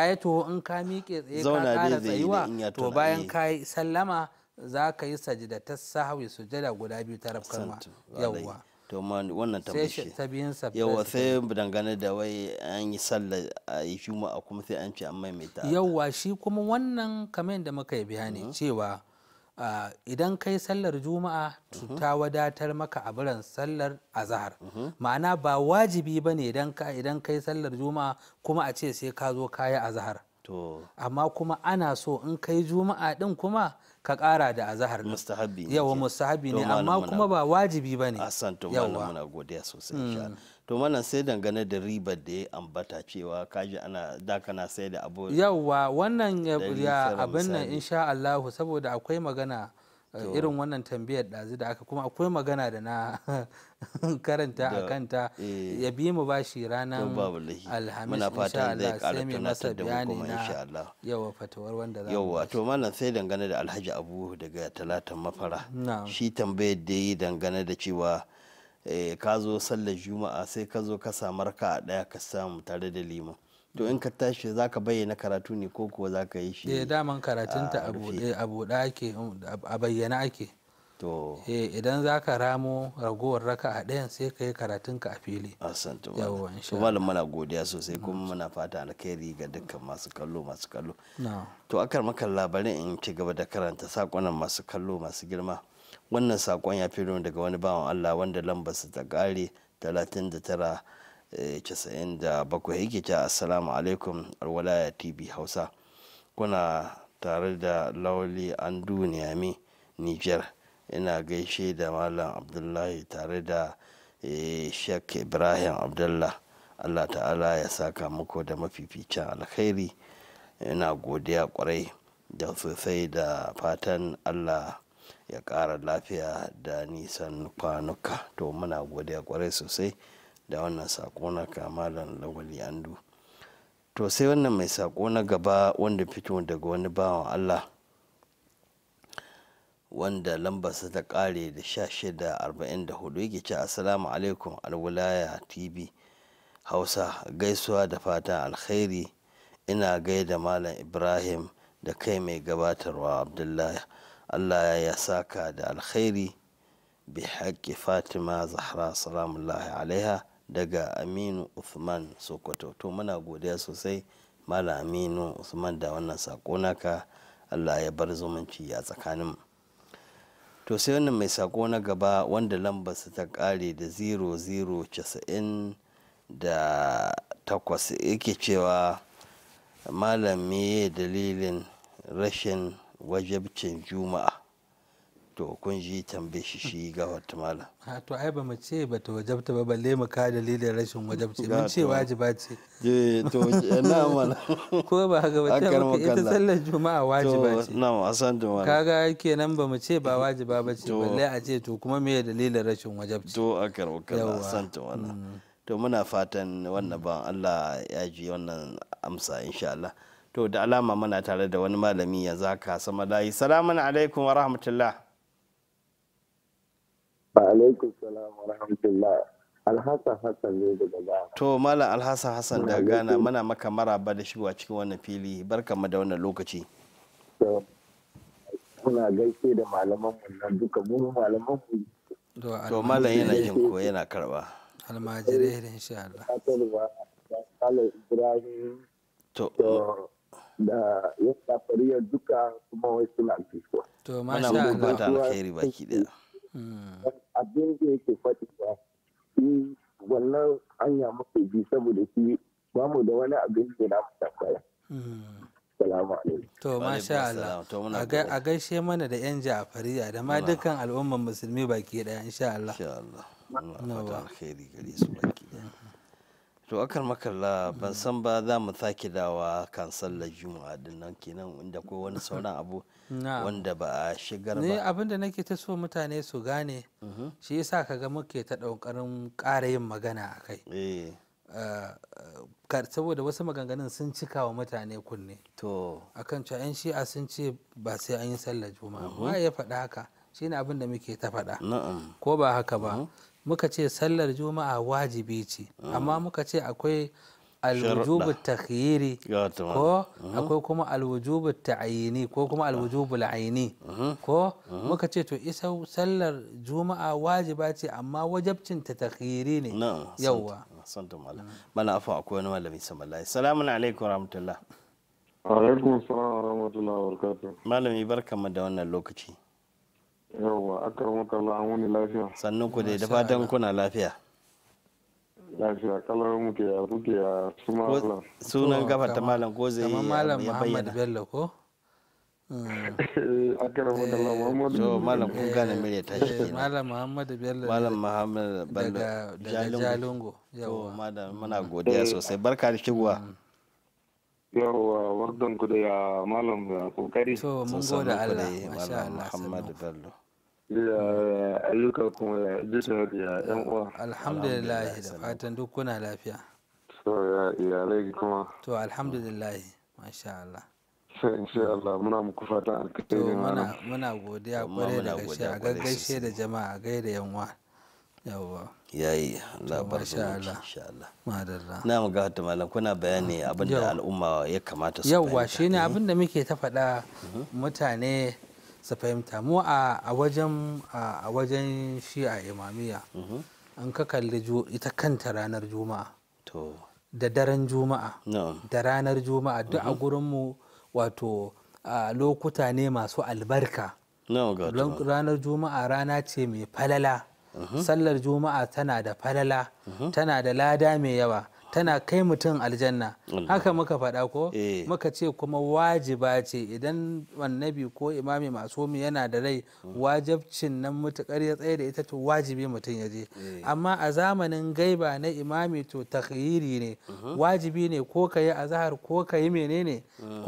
ya to in ka miƙe tsaye ka ƙara tsayuwa to bayan eh. ka yi sallama za ka yi sajidatar sahawi sujada guda biyu ta rafkarwa yawwa to wannan tambayi yawa sai dangane da wai an yi sallah a yi a kuma sai an ce an maimaita yawa shi kuma wannan kamar da muka yi bayani mm-hmm. cewa idan kai sallar juma'a mm-hmm. ta wadatar maka a biran sallar azahar mm-hmm. ma'ana ba wajibi ba ne idan kai sallar juma'a kuma a ce sai ka zo kaya azahar amma kuma ana so in kai juma'a din kuma ka kara da azahar mustahabi ne yawa mustahabi ne amma kuma ba wajibi ba ne asan to malam muna godiya sosai mm. to malam sai dangane da ribar da ya ambata cewa kaji ana da kana sai da abu yawa wannan ya abin nan insha Allah saboda akwai magana eh, irin wannan tambayar dazu da aka kuma akwai magana da na karanta a kanta eh. ya bi mu bashi ranar alhamis insha Allah sai mai masa bayani na yawa fatawar wanda za yawa to sai dangane da alhaji abu daga talatan mafara shi tambayar da yi dangane da cewa eh, ka zo sallar juma'a sai ka zo ka samar raka a daya ka samu tare da liman to in ka tashi za ka bayyana karatu ne ko kuwa za ka yi shi da eh, daman karatunta abu ɗaya ake a bayyana ake eh idan za ka ramo ragowar raka a ɗayan sai ka yi karatun ka a fili yawa insha muna godiya sosai kuma muna fata alkhairi ga dukkan masu kallo masu kallo to akar makan labarin in ci gaba da karanta sakonan masu kallo masu girma wannan sakon ya fito daga wani bawan Allah wanda lambar sa ta kare 39 97 yake ta assalamu alaikum alwalaya tv hausa kuna tare da lauli an duniya mi niger ina gaishe da malam abdullahi tare da eh, shek ibrahim abdullah allah ta'ala ya saka muku da mafificin alkhairi ina godiya kwarai da sosai da fatan allah ya kara lafiya da nisan kwanuka to muna godiya kwarai sosai da wannan sako na kamalan lawali andu to sai wannan mai sako na gaba wanda fito daga wani bawan allah wanda lambarsa ta kare da 1644 yake ce assalamu alaikum alwulaya tv hausa gaisuwa da fatan alkhairi ina gaida malam ibrahim da kai mai gabatarwa abdullahi allah ya saka da alkhairi bi haƙƙi fatima zahra salamullahi alaiha daga aminu usman sokoto to muna godiya sosai malam aminu usman da wannan sako naka allah ya bar zumunci a tsakaninmu. to sai wannan mai sako na gaba wanda su ta kare da 0098 da takwas yake cewa malam dalilin rashin wajabcin juma'a to kun ji tambe shi shi ga wata mala ha to ai ba mu ce ba ta wajabta ba balle mu ka dalilin rashin wajabci mun ce wajiba ce je to na mana. ko ba haka ba ta ita sallar juma'a wajiba ce na asan da mana kaga kenan ba mu ce ba wajiba ba ce balle a ce to kuma me dalilin rashin wajabci to a karwa asan da mana mm. to muna fatan wannan mm. ban Allah ya ji wannan amsa insha Allah to da alama muna tare da wani malami yanzu haka sama layi salamun alaikum wa rahmatullah Wa alaikum salam wa Alhassan Hassan ne daga Ghana. To mala Alhassan Hassan daga Ghana muna maka maraba da shigowa cikin wannan fili barka mu da wannan lokaci. Muna gaishe da malaman mu nan duka mu malaman mu. To mala yana jin ko yana karba. Almajirai da insha Allah. Malam Ibrahim. To da ya duka kuma wasu na To masha Allah. Muna mu da. alkhairi baki daya. abin da yake faɗi ba shi wannan hanya muka bi saboda shi ba mu da wani abin da na tambaya. Salamu To masha Allah. A gaishe mana da yan Ja'fariya da ma dukkan al'umman musulmi baki daya insha Allah. Allah. to a kan To makalla ban san ba za mu sake dawa kan sallar juma'a din nan kenan inda ko wani sauran abu wanda ba a shigar ba ne abinda nake ta so mutane su gane mm-hmm. shi yasa ka ga muke ta ɗaukarin ƙara yin magana a kai eh. Eh, saboda wasu maganganun sun cika wa mutane kunne to akan cewa 'yan shi'a sun ce ba sai an yi sallar juma'a ba mm-hmm. ya faɗa haka shi ne abinda muke ta faɗa ko ba haka ba mm-hmm. muka ce sallar juma'a wajibi ce amma muka ce akwai alwujubu takhyiri ko akwai kuma alwujubu ta'ayini ko kuma alwujubu la'ayini uh-huh. ko uh-huh. muka ce to isa sallar juma'a wajiba ce amma wajabcin ta ne yawwa santu malam mana afa akwai wani malami samallahi salamun alaikum rahmatullah alaikum salam rahmatullah barakatuh malami barkamu da wannan lokaci yawwa akar mutala an wani lafiya sannan ku da fatan kuna lafiya lafiya kalar muke ya kuke ya suma sunan gaba ta malam ko zai yi malam muhammad bello ko eh, akarama eh, malam kun gane mire eh, ta shi malam muhammad bello malam muhammad bello daga jalungo yawa madam muna mm. godiya sosai barka da shigowa mm. yawa wardan ku da ya malam kokari so mun goda Allah masha Allah muhammad bello da eh, ayyuka kuma eh, da da yan uwa alhamdulillah da fatan duk kuna lafiya ya iyalai kuma to alhamdulillah masha Allah insha Allah muna muku fatan alkhairi muna muna godiya kwarai da gaske a gaggaishe da jama'a gaida yan uwa yawwa yayi Allah barka insha Allah madalla na mu ga malam kuna bayani abin da al'umma ya kamata su yawwa shine eh? abin da muke ta faɗa mhm. mutane su fahimta mu a wajen a wajen shi'a imamiya an mhm. ka kalli ita kanta ranar juma'a da daren juma'a da ranar juma'a duk a mhm. gurinmu wato lokuta ne masu albarka ranar juma'a rana ce mai falala mhm. sallar juma'a tana da falala tana da lada mai yawa tana kai mutum aljanna haka muka faɗa ko eh. muka ce kuma wajiba ce idan annabi ko imami masumi yana da rai mm. wajabcin nan mutukar ya tsaye da ita to wajibi mutum ya je eh. amma a zamanin gaiba na imami to takhiri ne mm-hmm. wajibi ne ko ka yi azahar ko ka yi menene mm.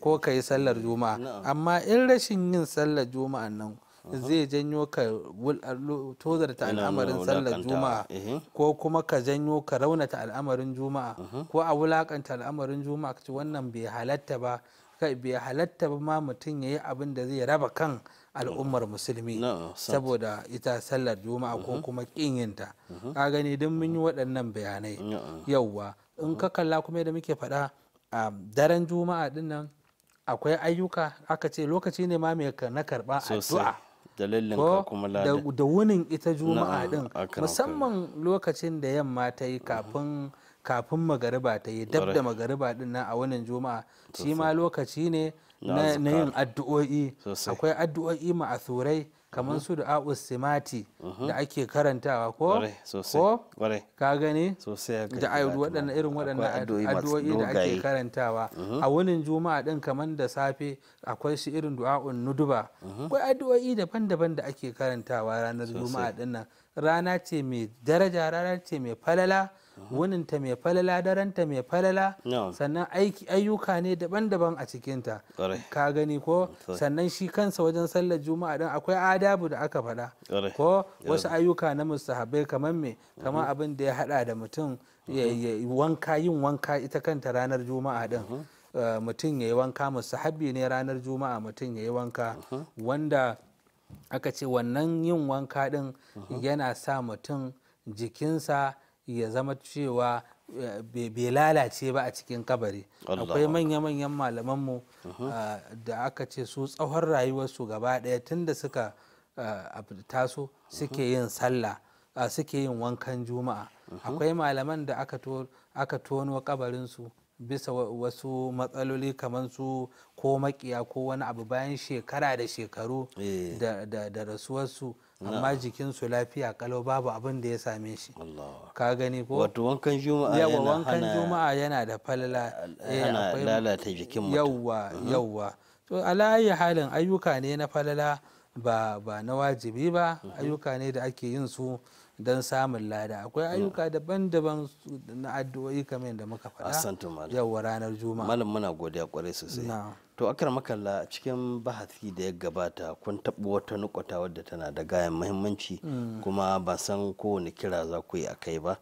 ko ka yi sallar juma'a amma in rashin yin sallar juma'a. nan zai janyo ka tozarta al'amarin sallar juma'a ko kuma ka janyo ka raunata al'amarin juma'a ko a wulakanta al'amarin juma'a ka ci wannan bai halatta ba bai halatta ba ma mutum ya yi abin da zai raba kan al'ummar musulmi saboda ita sallar juma'a ko kuma kinyinta ka gani duk mun yi waɗannan bayanai yauwa in ka kalla kuma da muke faɗa a daren juma'a dinnan akwai ayyuka aka ce lokaci ne ma mai na karɓa addu'a dalilin ka kuma ladan da wunin ita juma'a din musamman lokacin da yamma ta yi kafin kafin magariba ta yi dab magariba din nan a wannan juma'a shi ma lokaci ne na yin addu'o'i akwai addu'o'i ma'asurai kamar su da simati da ake karantawa ko ka gani da waɗannan irin waɗannan addu'o'i da ake karantawa a wunin juma'a din kamar da safe akwai shi irin du'a'un nuduba akwai addu'o'i daban-daban da ake karantawa ranar juma'a din nan rana ce mai daraja rana ce mai falala wunin ta mai falala daren ta mai falala sannan ayyuka ne daban-daban a cikinta ka gani ko sannan shi kansa wajen sallar juma'a don akwai adabu da aka faɗa ko wasu ayyuka na mustahabai kamar me kamar mm-hmm. abin da ya haɗa da mutum mm-hmm. wanka yin wanka ita kanta ranar juma'a din mm-hmm. eh, mutum ya yi wanka mustahabi ne ranar juma'a mutum ya yi wanka wanda aka ce wannan yin wanka din yana sa mutum jikinsa ya zama cewa eh, bai lalace ba a cikin kabari akwai manya-manyan malamanmu uh-huh. ah, da aka ce su tsawon rayuwarsu gaba ɗaya tun da suka ah, taso uh-huh. suke yin sallah ah, suke yin wankan juma'a uh-huh. akwai malaman da aka tono kabarinsu bisa wasu matsaloli kamar su ko makiya ko wani abu bayan shekara da shekaru eh. da rasuwarsu amma jikinsu lafiya kalau babu abin da ya same shi ka gani ko wato wankan juma'a yawa juma'a yana da falala yana eh, lalata jikin mutum yawwa mhm. yawwa to alayi halin ayyuka ne na falala ba ba na wajibi ba mhm. ayyuka ne da ake yin su don samun lada akwai ayyuka daban-daban na addu'o'i kamar da muka faɗa yawwa ranar juma'a malam muna godiya kwarai sosai to akar makalla cikin bahasi da ya gabata kun taɓa wata nukwata wadda tana da gayan muhimmanci mm. kuma ba san kowane kira za ku yi a kai ba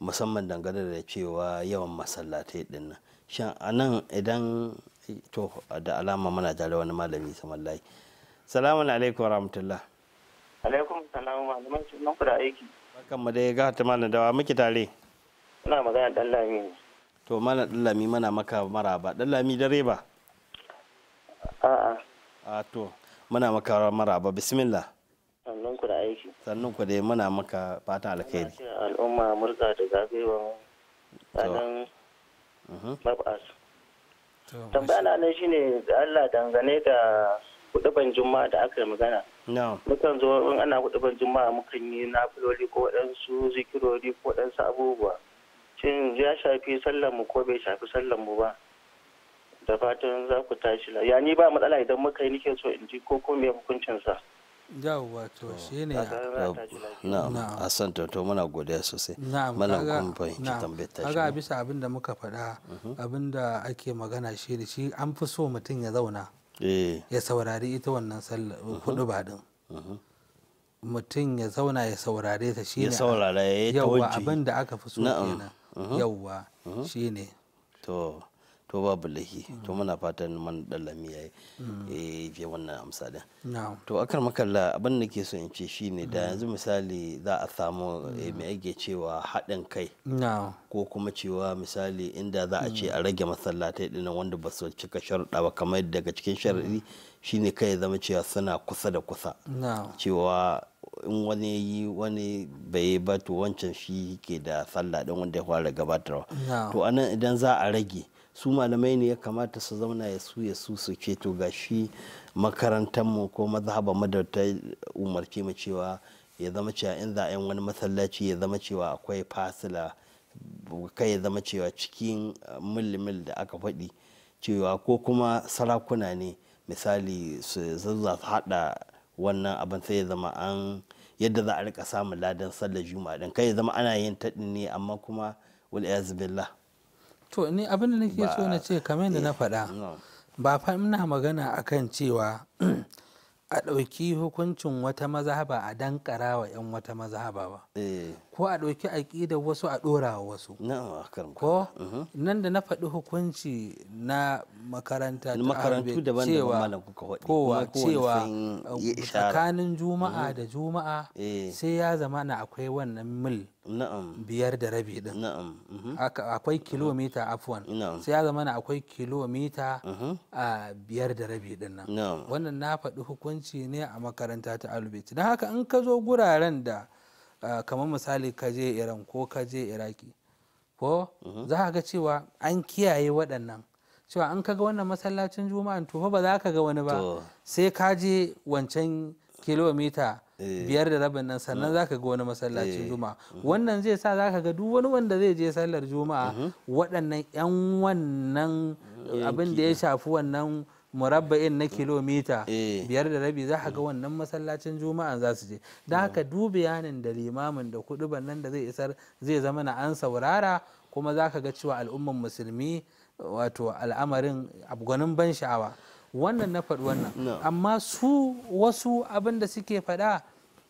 musamman dangane da cewa yawan masallatai din nan shan anan idan to da alama muna jare wani malami saman layi salamu alaikum wa rahmatullah alaikum salamu malaman cikin ku da aiki barkan mu dai ga ta malam dawa muke tare ina magana dan lami to malam dan lami mana maka maraba dan lami dare ba a'a a to muna maka maraba bismillah sannan ku da aiki sannan ku dai muna maka fatan alkhairi al'umma murza da zagayewa ranar mhm. mabasu tambaya na shine Allah dangane da kudaban juma'a da aka yi magana mukan zo in ana kudaban juma'a mukan yi nafiloli ko waɗansu zikirori ko waɗansu abubuwa shin ya shafi sallan mu ko bai shafi sallan mu ba da fatan za ku tashi la ya ni ba matsala idan muka yi nike so in ji ko ko me hukuncin sa yawwa to shi ne a san to to muna godiya sosai muna kuma fahimci tambayar tashi kaga bisa abin da muka faɗa mhm. abin da ake magana shi ne shi an fi so mutum ya zauna eh. ya saurari ita wannan sallar mhm. hudu ba din mhm. mutum ya zauna ya saurare ta shi ne yawwa abin da aka fi so kenan yawwa shi ne to to babu lahi to muna fatan man dallami ya yi eh, wannan amsa din to akar makalla abin da ke so in ce shine da mm. yanzu misali za a samu eh, me mm. ake cewa haɗin kai ko kuma cewa misali inda za a ce a mm. rage masallatai dinnan wanda ba su cika sharuɗa ba kamar daga cikin sharaɗi shine kai zama cewa suna kusa da kusa cewa in wani yi wani bai ba to wancan shi ke da sallah din wanda ya fara gabatarwa to anan idan za a rage su malamai ne ya kamata su zauna ya su ya su su ce to gashi makarantar mu ko mazhaba ta umarce mu cewa ya zama cewa in za a wani masallaci ya zama cewa akwai fasila kai ya zama cewa cikin eh, mil da aka faɗi cewa ko kuma sarakuna ne misali su zazza su haɗa wannan abin sai ya zama an yadda za a rika samun ladan sallar juma'a din kai ya zama ana yin taɗin ne amma kuma wal billah to ni abin da nake so na ce kamar da na faɗa eh, ba fa ina magana akan cewa a ɗauki hukuncin wata mazhaba a dankara wa 'yan wata mazhaba ba eh. ko a ɗauki aƙidar wasu a ɗora wasu ko mhm. nan da na faɗi hukunci na makaranta makarantu daban daban kowa cewa uh, tsakanin juma'a mhm. da juma'a eh. sai ya zama na akwai wannan mil biyar da rabi din mhm. akwai kilomita afwan sai ya zama na akwai kilomita a biyar da rabi ɗin nan wannan na faɗi hukunci ne a makaranta ta alubeci don haka in ka zo guraren da Ah, kamar misali ka je iran ko ka je iraki ko mhm. za ka ga cewa an kiyaye waɗannan cewa an ga wannan masallacin juma'an tufa ba za ka ga wani ba sai ka je wancan kilomita eh. biyar da rabin nan sannan mm. za ka ga wani masallacin eh. juma'a mhm. wannan zai sa za ka ga duk wani wanda zai je sallar juma'a mhm. waɗannan 'yan wannan abin da ya shafi wannan murabba'in na eh. kilomita eh. biyar da rabi za ga wannan masallacin juma'an za su je don haka eh. du bayanin da limamin da kuɗi bannan da zai isar zai zama na an saurara kuma za ka ga cewa al'umman musulmi wato al'amarin abgwanin ban sha'awa wannan na faɗi wannan amma su wasu abin da suke faɗa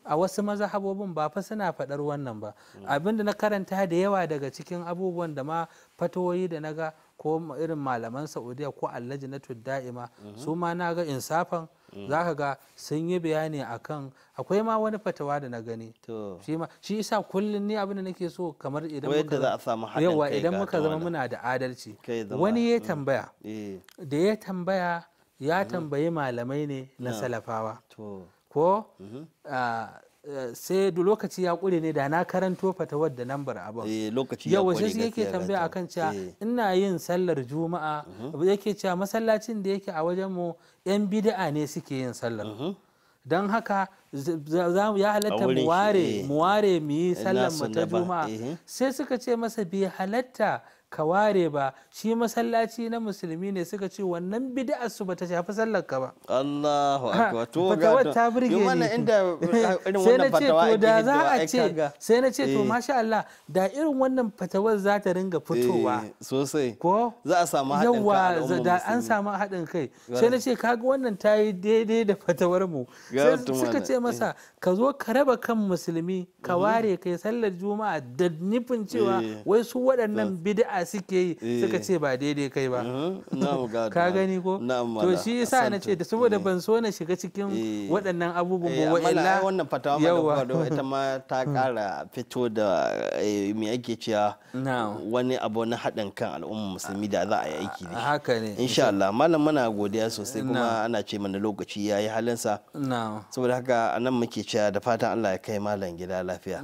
a wasu mazhabobin ba fa suna faɗar wannan ba abinda na karanta da yawa daga cikin abubuwan da ma fatoyi da na ga ko irin malaman saudiya ko na da'ima mhm. su ma na ga insafan mm. za ka ga sun yi bayani akan akwai ma wani fatawa da na gani shi ma shi isa kullum ni abin da nake so kamar idan muka za a samu yawa idan muka zama muna da adalci wani ya mm. tambaya eh. da ya tambaya ya mhm. tambayi malamai ne na salafawa ko mhm. ah, Eh, sai da lokaci ya ƙure ne da na karanto wadda da nambar abin eh, wasu su yake tambaya akan cewa eh. ina yin sallar juma'a mhm. yake cewa masallacin da yake a wajen yan bid'a ne suke yin sallar mhm. don haka ya halatta mu ware mu yi sallar mu ta juma'a sai suka ce masa bi halatta ka ware ba shi masallaci na musulmi ne suka ce wannan bid'a su bata shafi sallar ka ba Allahu akbar to ga ta burge ni wannan inda irin wannan fatawa to da za a ce sai na ce to eh. masha Allah da irin wannan fatawar za ta ringa fitowa eh, sosai ko za a samu haɗin kai yawa da an samu haɗin kai sai na ce kaga wannan ta yi daidai da fatawar mu sai suka ce eh. masa ka zo ka raba kan musulmi ka mm-hmm. ware kai sallar juma'a da nufin cewa wai su waɗannan bid'a suke yi eh. suka ce ba daidai kai ba ka gani ko to shi yasa na ce da saboda eh. ban so na shiga cikin eh. waɗannan abubuwan ba wa illa wannan fatawa ma da ita ma ta hmm. ƙara fito da me ake cewa wani abu na haɗin kan al'ummar musulmi da za a yi aiki da haka ne insha Allah malam muna godiya sosai kuma ana ce mana lokaci yayi halinsa saboda haka anan muke cewa da fatan Allah ya kai malam gida lafiya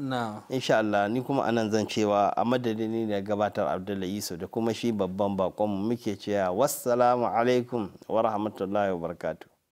insha Allah ni kuma anan zan cewa a madadin ne da gabatar Abdullahi da iso da kuma shi babban bakon muke cewa wassalamu alaikum wa rahmatullahi wa barakatuh